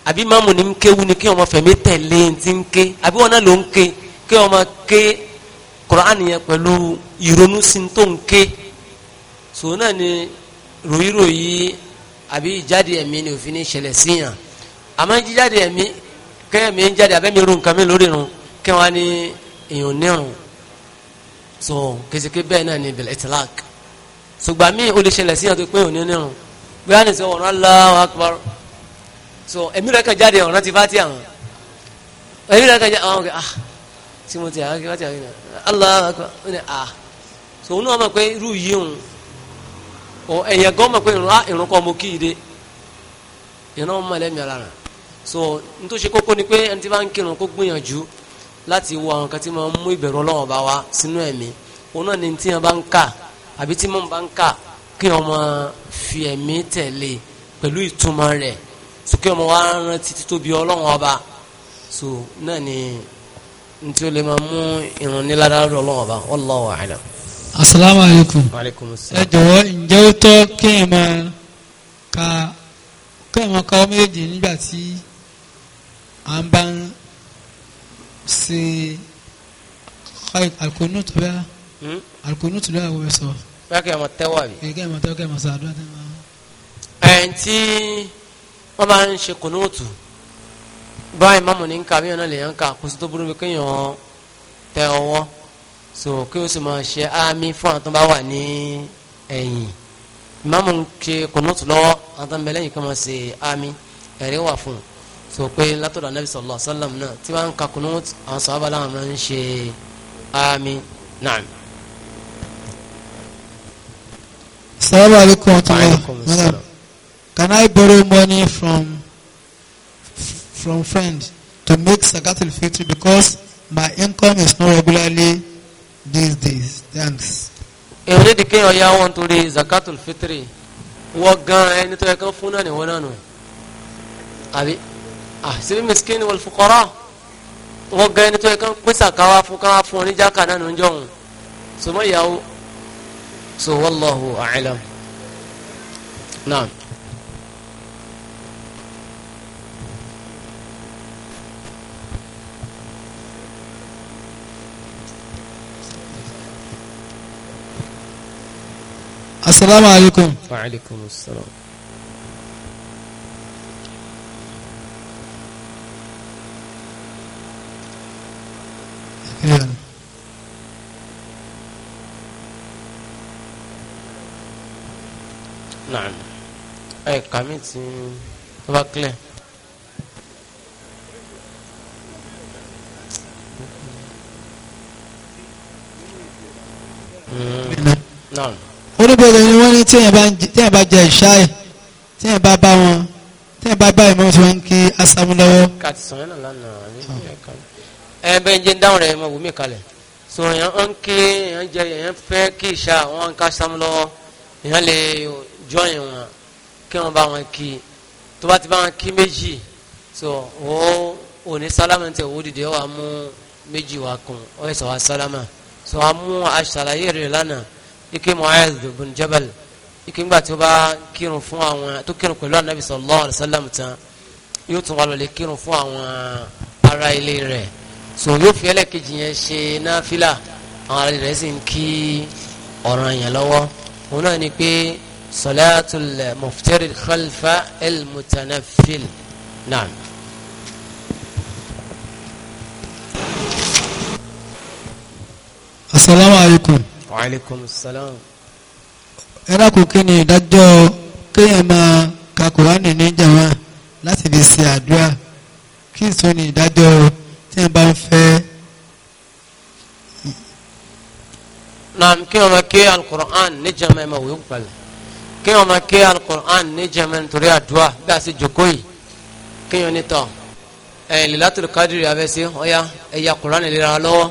àbí máàmù ní ń kéwu ni kí ọmọ fẹ̀mí tẹ̀lé ti ń ké àbí wọn náà ló ń ké kí ọmọ ké Kùránì yẹn pẹ̀lú ìrònú sí tó ń ké sòun náà ni ròyìnròyìn àbí ìjáde ẹ̀mí ni òfin ní ìṣẹ̀lẹ̀ síyàn àmọ́ jíjáde ẹ̀mí kẹ́yẹ̀mí ń jáde abẹ́mi ru nǹkan mi lórí irun kí wọ́n á èèyàn nírun so kìsìkì bẹ́ẹ̀ náà ni bẹ̀lẹ̀ ìtìláàkì ṣùgbọ́n mi ò lè ṣẹlẹ̀ sí yàn tó pé òní onírun bóyá ní sọ ọ̀ràn Allahu Akbar so ẹ̀mí rẹ̀ kan jáde ọ̀ràn ti fati àwọn ẹ̀mí rẹ̀ kan jáde àwọn ah tí mo ti àwọn kí fati àwọn yìí Allahu Akbar ah so òun náà mọ̀ pé irú yìí òun ọ ẹ̀yẹ gan mọ̀ pé ìrún ah, kọ́ mo kí i dé ìrún náà mọ̀ lẹ́mìí ara so n tó ṣe kókó ni pé ẹni tí bá ń kírun kó gbìyànjú láti wo àwọn kan tí máa mú ìbẹ̀rù Ọlọ́run bá wa sínú ẹ̀mí òun náà ni tí wọn bá ń kà àbí tí mọ̀mù bá ń kà kí ọmọ fi ẹ̀mí tẹ̀lé pẹ̀lú ìtumọ̀ rẹ̀ so kí ọmọ wa rántí títóbi ọlọ́run ọba so náà ni ntí o lè máa mú irun nílára rẹ ọlọ́run ọba wallahu a'lam. asalaamualeykum ẹ jọ̀wọ́ ǹjẹ́ ó tọ́ kí ẹ máa ka kí ẹ máa ka ọmọ èjì nígbà tí à ń bá ń ṣe alkonu tó bẹ́ẹ̀. Hmm? alukóyún tìlú àwọn bẹ sọ. bákẹ́ ẹ̀ mọ̀ tẹ́wọ̀ àbí. kẹ́kẹ́ ẹ̀ mọ̀ tẹ́wọ̀ kẹ́ ẹ̀ mọ̀ sọ àdúrà tẹ́ mọ̀. ẹ̀ tí wọ́n bá ń báyìí máàmù ní nǹka bíyàn náà lè kó sì burú bí kéèyàn tẹ ọwọ́ so kí o sì máa ṣe ámì fún àwọn tó bá wà ní ẹ̀yìn ìmáàmù ń ṣe kùnúùtù lọ́wọ́ àwọn tó ń bẹ lẹ́yìn kan máa ṣe ámì ẹ̀rí wà fún so pé látọ̀dọ̀ anabi sallallahu alaihi wasallam náà tí wọ́n ń ka kùnúùtù àwọn sọ̀rọ̀ bá láwọn máa ń ṣe ámì náà. Assalamu alaikum warahmatullahi Madam, can I borrow money from from friend to make zakatul fitri because my income is not regularly these days? Thanks. Èrè di kéèyàn yá wọn torí zakatul fitri. wọ́n gan ẹni tó yẹ kán fún náà ni wọ́n náà nù. Àbí àṣírí miskin wal fuqara wọ́n gan ẹni tó yẹ kán pèsè àkáwá fún káwá fún oníjàkà náà nù ń jọ̀hún. Sọmọ ìyàwó. سوى الله أعلم نعم السلام عليكم وعليكم السلام Yeah. naam ẹ kàmí tí ó bá clear. oníbẹ̀rẹ̀ ni wọ́n ní téèyàn bá jẹ ìṣáì téèyàn bá bá wọn téèyàn bá bá ìmọ̀ tí wọ́n ń kí asámú lọ́wọ́. kàtí sọ̀rọ̀ náà lánàá ní ẹ̀ka ẹ bẹ́ẹ̀ jẹ́ dáhùn rẹ̀ mọ̀ wùmí kalẹ̀ so èèyàn ń kí èèyàn jẹ èèyàn kí ìṣá wọn ká asámú lọ́wọ́ èèyàn lè jọyìn wọn kí wọn bá wọn kí tó bá ti bá wọn kí méjì so ó òní sálámà tẹ owó dìde wà mú méjì wà kún ọ yẹsọ wà sálámà so wà mú aṣàlàyé rẹ lánàá ike Mu'adh bin Jabal ike ńgbà tó bá kírun fún àwọn tó kírun pẹ̀lú anabi sallallahu alayhi wa sallam tán yóò tún wà lọlẹ kírun fún àwọn ará ilé rẹ so yóò fi ẹlẹ́kejì yẹn ṣe náfìlà àwọn ará ilé rẹ sì ń kí ọ̀ràn yẹn lọ́wọ́ òun náà ni pé salatul muftarid khalfa المتنفل نعم السلام عليكم وعليكم السلام salaam. ẹ dákun kí ni ìdájọ́ kéèyàn máa ka kùránì ní jàmá láti fi ṣe àdúrà kí ìsún ni ìdájọ́ tí wọ́n bá ń fẹ́. naam kí wọ́n máa ké alukur'an ní jàmá ẹ̀ máa wíwú palẹ̀ kéèyàn máa ké alukur'an ní jẹ́mẹ́ nítorí àdúrà bí a ṣe jókòó yìí kéèyàn ní tán ẹ̀yìn Lailatul Qadri abẹ́sí ọ̀yá ẹ̀yà kur'an ìlera lọ́wọ́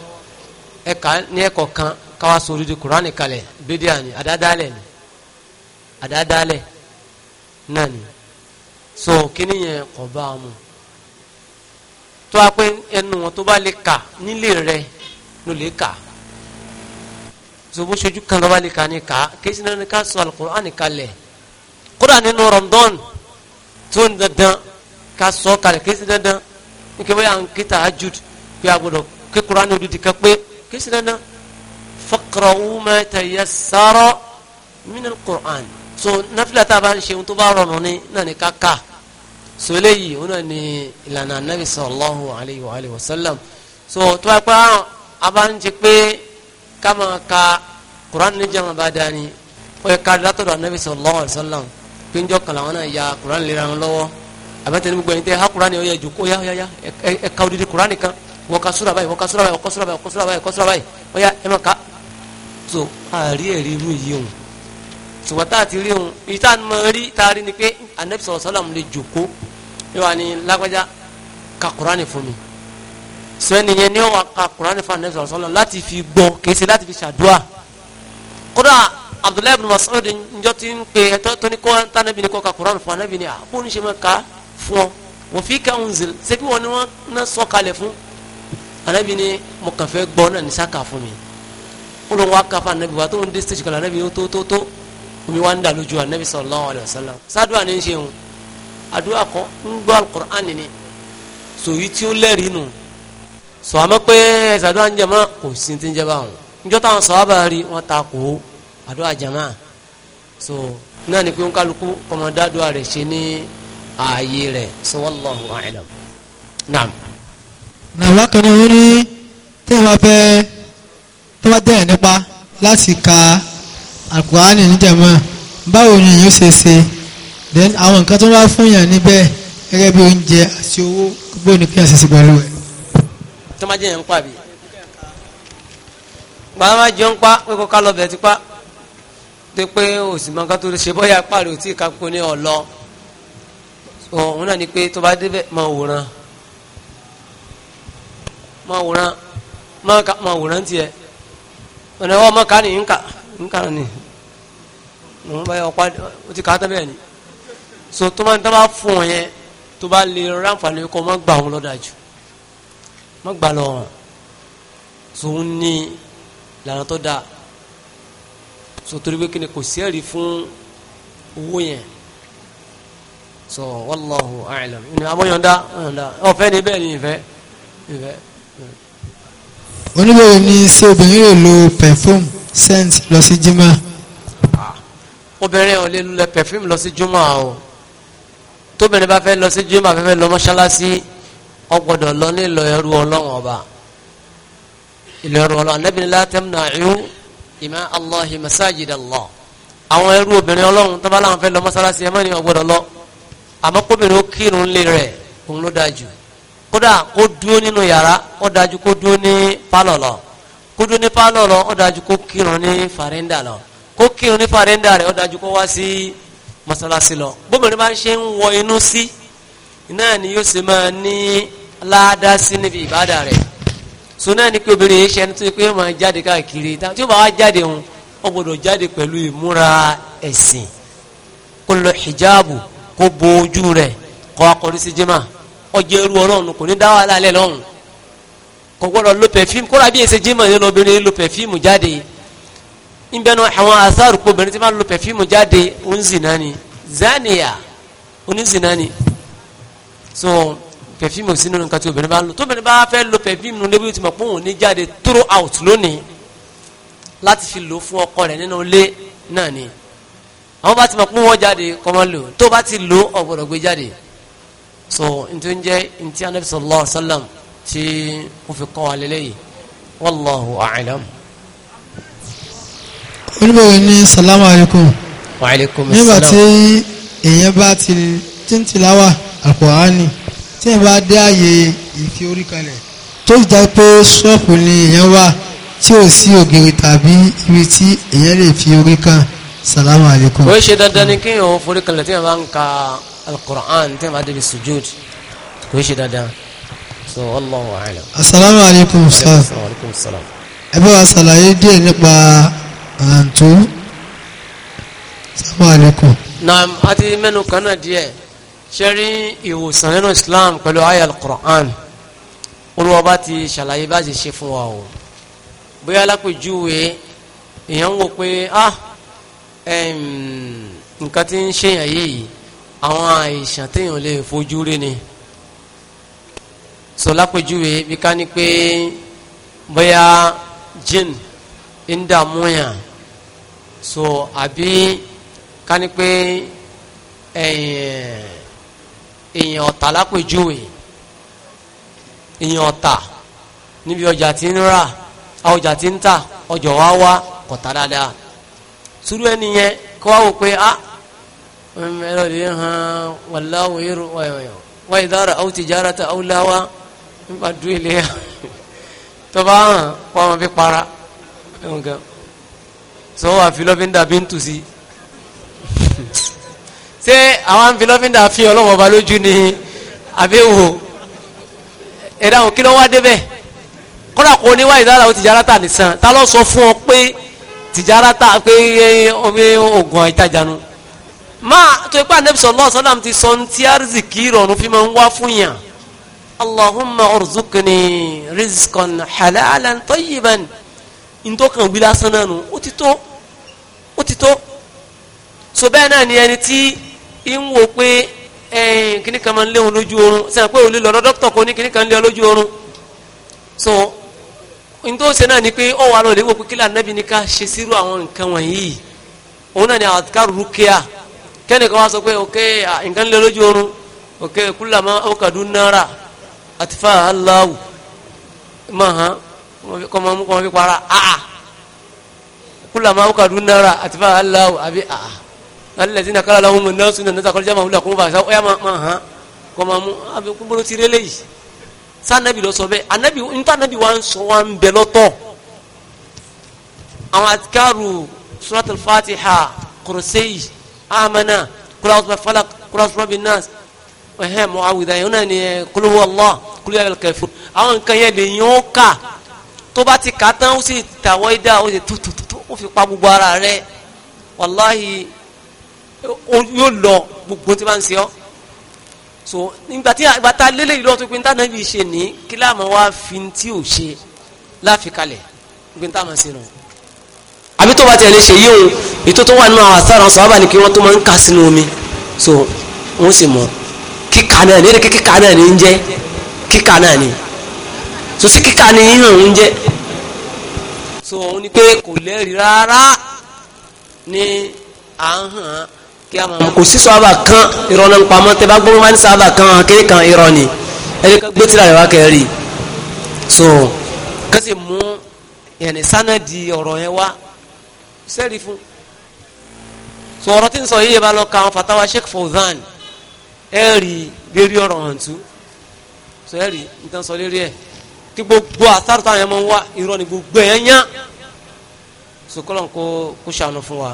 ẹ̀ka ní ẹ̀kọ́ kan káwá sórí di kur'an kalẹ̀ bídí àní àdádálẹ̀ ni àdádálẹ̀ náà so kini yẹn kò bá a mú tó a pé ẹnu wọn tó bá lè kà nílé rẹ ló lè kà so bó ṣojú kan lọ́wọ́ lè ka ní ká kéjì náà ní ká sọ alukur'an kalẹ̀ kódà nínú rọ̀mdọ́n tó ń dandan ká sọ kalẹ̀ kéjì dandan nke bóyá ń kíta ajud pé a gbọdọ̀ ké kur'an ní odidi kan pé kéjì dandan faqra'u ma tayassara min alukur'an so nafila tá a bá ń ṣe ohun tó bá rọrùn ní náà ní ká ká so eléyìí ó náà ní ìlànà anabi sallallahu alayhi wa sallam so tó bá a bá ń ṣe pé kama ka kuran ní jama bá dání ó yẹ káàdì látọ̀dọ̀ anabi sallallahu alaihi wa sallam péjọ kan làwọn náà ya kuran lera wọn lọ́wọ́ àbẹ̀tẹ̀ ní gbogbo ẹni tẹ́ ha kuran yóò yẹ jòkó ya ya ya ẹ ka di kuran nìkan wọ́n ka sura báyìí wọ́n ka sura báyìí wọ́n ka sura báyìí wọ́n ka sura báyìí wọ́n ka sura báyìí ó yà ẹ ma ka so àárí ẹ̀rí inú yìí òun ṣùgbọ́n tá a ti rí òun èyí tá a mọ rí tá ni pé anabi sallallahu alaihi wa sallam lè jòkó yóò wá ní lágbájá ka kuran fún mi sọ ẹnìyẹn ni ó wà ka Kùránì fún anabi sọlọ sọlọ láti fi gbọ́ kìí ṣe láti fi ṣàdúrà kódà Abdullahi bin Mas'ud njọ ti ń pe ẹtọ tóní kọ tànàbí ni kọ ka Kùránì fún anabi ni àpò ah, oníṣẹ máa ka fún ọ wọ́n fi ká ń zèlè ṣebí wọn ni wọn náà sọ kalẹ̀ fún anabi ni mo kàn fẹ́ gbọ́ náà nìṣá kà fún mi ó lọ wá ka fún wa tó ń dé stage kan anabi ó tó tó tó omi wa ń dà lójú anabi sallallahu alaihi wasallam sádùá ni ń ṣe wọn àdúrà kọ ń gbọ́ Al-Qur'an ni so yìí tí ó lẹ́rìí nù sọ àmọ́ pé ẹ̀sẹ̀ àdúrà ń jẹ̀mọ́ kò sí ti ń jẹ́ báwọn níjọ́ táwọn sọ wábà rí wọn ta kó àdúrà jẹ̀mọ́ so náà ni pé ń kálukú kọ́mọdádùá rẹ̀ ṣe ní ààyè rẹ̀ sọ wallahu a'lam naam. nàwa kan ní wọ́n ní tí wọ́n fẹ́ tí wọ́n dẹ̀ nípa láti ka àkùránì níjẹ̀mọ́ báwo ni èèyàn ṣe ṣe then àwọn nǹkan tó wá fún yàn níbẹ̀ gẹ́gẹ́ bí oúnjẹ àti owó gbóòní kí wọ́n pẹ̀lú ẹ̀ tó má jẹ́ yẹn ń pa bi gbàdá má jọ ń pa pé kó ká lọ bẹ̀ ti pa tó pé òsì máa ká tó lè ṣe bóyá pàrọ̀ ò tí ì ká kó ní ọ̀lọ́ òun náà ni pé tó bá débẹ̀ máa wòran máa wòran máa wòran tiẹ̀ ọ̀nà ìwọ ọmọ ká ní nǹka nǹka ni òun bá yọ ọ̀pá ó ti ká tán bẹ́ẹ̀ ni so tó máa ń tán bá fún ọ yẹn tó bá lè ránfààní kọ́ ọ má gbà òun lọ́dà jù má gbà lọ́rùn tòun ní ìlànà tó dáa sotori pé kíni kò sí ẹ̀rí fún owó yẹn so wallahu a'lam ní amóyọ̀ndá ọ̀yọ̀ndá ọ̀fẹ́ ni bẹ́ẹ̀ ni ìfẹ́ ìfẹ́. oníbẹ̀rẹ̀ ni ṣé obìnrin lè lo perfume scent lọ sí jimá. obìnrin ò lè lo perfume lọ sí jimá o tóbìnrin bá fẹ́ lọ sí jimá fẹ́ fẹ́ lọ mọ́ṣáláṣí ọgbọ́dọ̀ lọ nílọ ẹrú Ọlọ́run ọba ìlọ ẹrú Ọlọ́run anabini látẹm náà ẹrú ìmọ aláhi masajid Allah àwọn ẹrú obìnrin Ọlọ́run tó bá láwọn fẹ́ lọ mọ́sálásí ẹ mọni ọgbọ́dọ̀ lọ àmọ́ kóbìnrin ó kírun lé rẹ̀ òun ló dáa jù kódà kó dúró nínú yàrá ó dáa jù kó dúró ní pálọ̀ lọ kó dúró ní pálọ̀ lọ ó dáa kó kírun ní fàrẹ́ńdà lọ kó kírun ní fàrẹ́ńdà rẹ̀ ó dáa kó wá sí mọ́sálásí lọ bóbìnrin bá ń ṣe ń wọ inú sí. Si, náà ni yóò ṣe máa ní ládàá níbi ìbádà rẹ̀ so náà ni pé obìnrin yìí ṣe ẹni tó yẹ pé máa jáde káàkiri tí ó bá wá jáde òun ó gbọdọ̀ jáde pẹ̀lú ìmúra ẹ̀sìn kó lọ hijabu kó bo ojú rẹ̀ kó akọrin sí jimá ọjọ́ ẹrú ọlọ́run kò ní dá wàhálà alẹ́ lọ́hùn kò gbọdọ̀ lo pẹ̀fíìmù kó rabi ẹsẹ̀ jimá yẹn lọ́bìnrin lo pẹ̀fíìmù jáde nbẹnu àwọn asáàrù kó obìnrin tí máa lo pẹ̀fíìmù jáde ó zaniya ó so pẹ̀fíìmù sínú nǹkan tí obìnrin bá ń lò tóbìnrin bá fẹ́ lo pẹ̀fíìmù nílé bí o ti mọ̀ pé ní jáde throw out lónìí láti fi lò fún ọkọ rẹ̀ nínú ilé náà ni àwọn bá ti mọ̀ pé wọ́n jáde kọ́ máa lò tó bá ti lò ó gbọ́dọ̀ gbé jáde so n tó ń jẹ́ n tí anabi sallallahu alayhi wa sallam tí ó fi kọ́ wa lélẹ́yìí wallahu a'lam. olùbẹ̀wẹ̀ ní salamu alaykum. wa alaykum salam. nígbà tí èèyàn bá ti tí ń tilawa àkùránì tí ẹ bá dé àyè ìfi orí kalẹ̀ tó jẹ́ pé ṣọ́ọ̀pù ni èèyàn wà tí ò sí ògiri tàbí ibi tí èèyàn lè fi orí kan salamu alaykum. ó ṣe dandan ni kéèyàn ò forí kalẹ̀ tí ẹ bá ń ka alukur'an tí ẹ bá débi sujud kò ṣe dandan so Allahu a'lam. asalaamu alaykum sir. ẹ bá wa ṣàlàyé díẹ̀ nípa àǹtó. salamu alaykum. naam a ti mẹ́nu kan náà ṣẹ́rí ìwòsàn nínú Islam pẹ̀lú ayal Qur'an olúwa bá ti ṣàlàyé bá ti ṣe fún wa o bóyá alápèjúwe èèyàn ń wò pé ah nǹkan tí ń ṣèyàn yìí àwọn àìsàn téèyàn lè fojú rí ni sọ lápèjúwe bí ká ní pé bóyá jinn ń dààmú yàn so àbí ká ní pé ẹ̀yìn èèyàn ọ̀tà lápèjúwe èèyàn ọ̀tà níbi ọjà tí ń rà ọjà tí ń tà ọjọ́ wa wá kọ̀tà dáadáa sùúrù ẹni yẹn kó wá wò pé a ah, ẹ̀rọ lè hàn wàláwò irú wà ìdára àwọn tìjára tá àwọn láwa nípa dúró ilé tó bá hàn kó àwọn fi para sọ wà fi lọ́fíńdà bí ń tù sí i ṣé àwọn fìlọ́fìndà fi ọlọ́wọ́ ọba lójú ni àbẹ́wò ẹ̀dá òkè lọ́wọ́ adébẹ̀ kọ́dà kò ní wáyé dára ó tìjára tà nìsan ta ló sọ fún ọ pé tìjára tà pé omi oògùn ìtajà nu máa tó ipá Ànábì sallallahu alaihi wasallam ti sọ ní tí arzikì rọrùn fi máa ń wá fún yàn allahumma urzuqni rizqan halalan tayyiban ntọ́kàn gbé lásán náà nù ó ti tó ó ti tó so bẹ́ẹ̀ náà ni ẹni tí ń wo pé eh, kíní kan máa ń léwọn lójú oorun sẹ́yìn pé olè lọ́dọ̀ dókítà kò ní kíní kan lé ọ lójú oorun so n tó ṣe náà ni pé ọ̀wọ́ alọ́ lè wò pé kílà nẹ́bí ni ká ṣe sírú àwọn nǹkan wọ̀nyí òun náà ni àtikáàrú rúkìá kẹ́nìkan wá sọ pé ok nǹkan lé lójú oorun ok kúlà máa ó kàdú náírà àti fáà aláwù máa hàn kọ́ máa mú kọ́ máa fi para ah kúlà máa ó kàdú náírà àti fáà aláwù àbí ah alẹ́sìn àkàrà làwọn ọmọ náà sún náà níta kọjá máa wúlò àkóńbó àṣà ọ̀yà máa hàn kọ́ máa mú abẹ́kúnbó ti rélé yìí sanabi lọ sọ bẹ́ẹ̀ anabi níta anabi wa ń sọ wa ń bẹ lọ́tọ̀ àwọn atikaru suratul fatiha kọrọsẹ́yì amana kúláwùsùmá falak kúláwùsùmá bin nas ẹ̀hẹ́ muawida yìí ó náà ní kúlúwọ́ allah kúlúwọ́ kẹfù àwọn nǹkan yẹn lè yàn ó kà tó bá ti kà tán ó sì tàwọ́ idá ó sì tututu ó fi pa gbogbo ara rẹ̀ wàláhi yóò lọ gbogbo tí wọ́n ń ṣe ọ́ so nígbà tí àgbà ta lélẹ̀ ìlú ọ̀tún pé níta náà yìí ṣe ní kí láàmú wá fi tí ò ṣe láfikalẹ̀ pé níta máa ṣe nù. àbí tó bá tiẹ̀ lè ṣe yíyún ètò tó wà nínú àwọn àṣàrán sọ̀rọ̀ ni kí wọ́n tó máa ń kà sínú omi so wọ́n sì mọ̀ kíkà náà ní èdèké kíkà náà ní ń jẹ́ kíkà náà ní so sí kíkà ní yíyún ń jẹ́ so òun ni pé kò lẹ́rìí rárá ní à ń hàn án kò sí sọ́ọ́bà kan irọ́ náà ń pamọ́ tẹ́ bá gbọ́n wá ní sọ́ọ́bà kan kéde kan irọ́ ni ẹni kan gbé tíra rẹ̀ wá kẹ́rì so kí sì mú yẹn sánàdì ọ̀rọ̀ yẹn wá sẹ́ẹ̀rì fún so ọ̀rọ̀ tí ń sọ yíyẹ bá lọ ka fatawa Sheikh Fawzan ẹ̀rì lérí ọ̀rọ̀ hàn tú so ẹ̀rì ń tán sọ lérí ẹ̀ kí gbogbo àtàrùtà yẹn máa wá irọ́ ni gbogbo ẹ̀ yẹn yá so kọ́lọ̀ kó kó ṣàánú fún wa.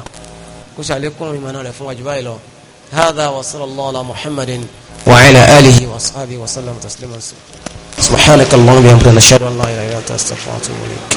وشعليكم ايمانا لفن وجبايلو هذا وصلى الله على محمد وعلى آله وصحابه وسلم تسليما سبحانك اللهم بيامرنا شهر الله إلى إلى تستفعاته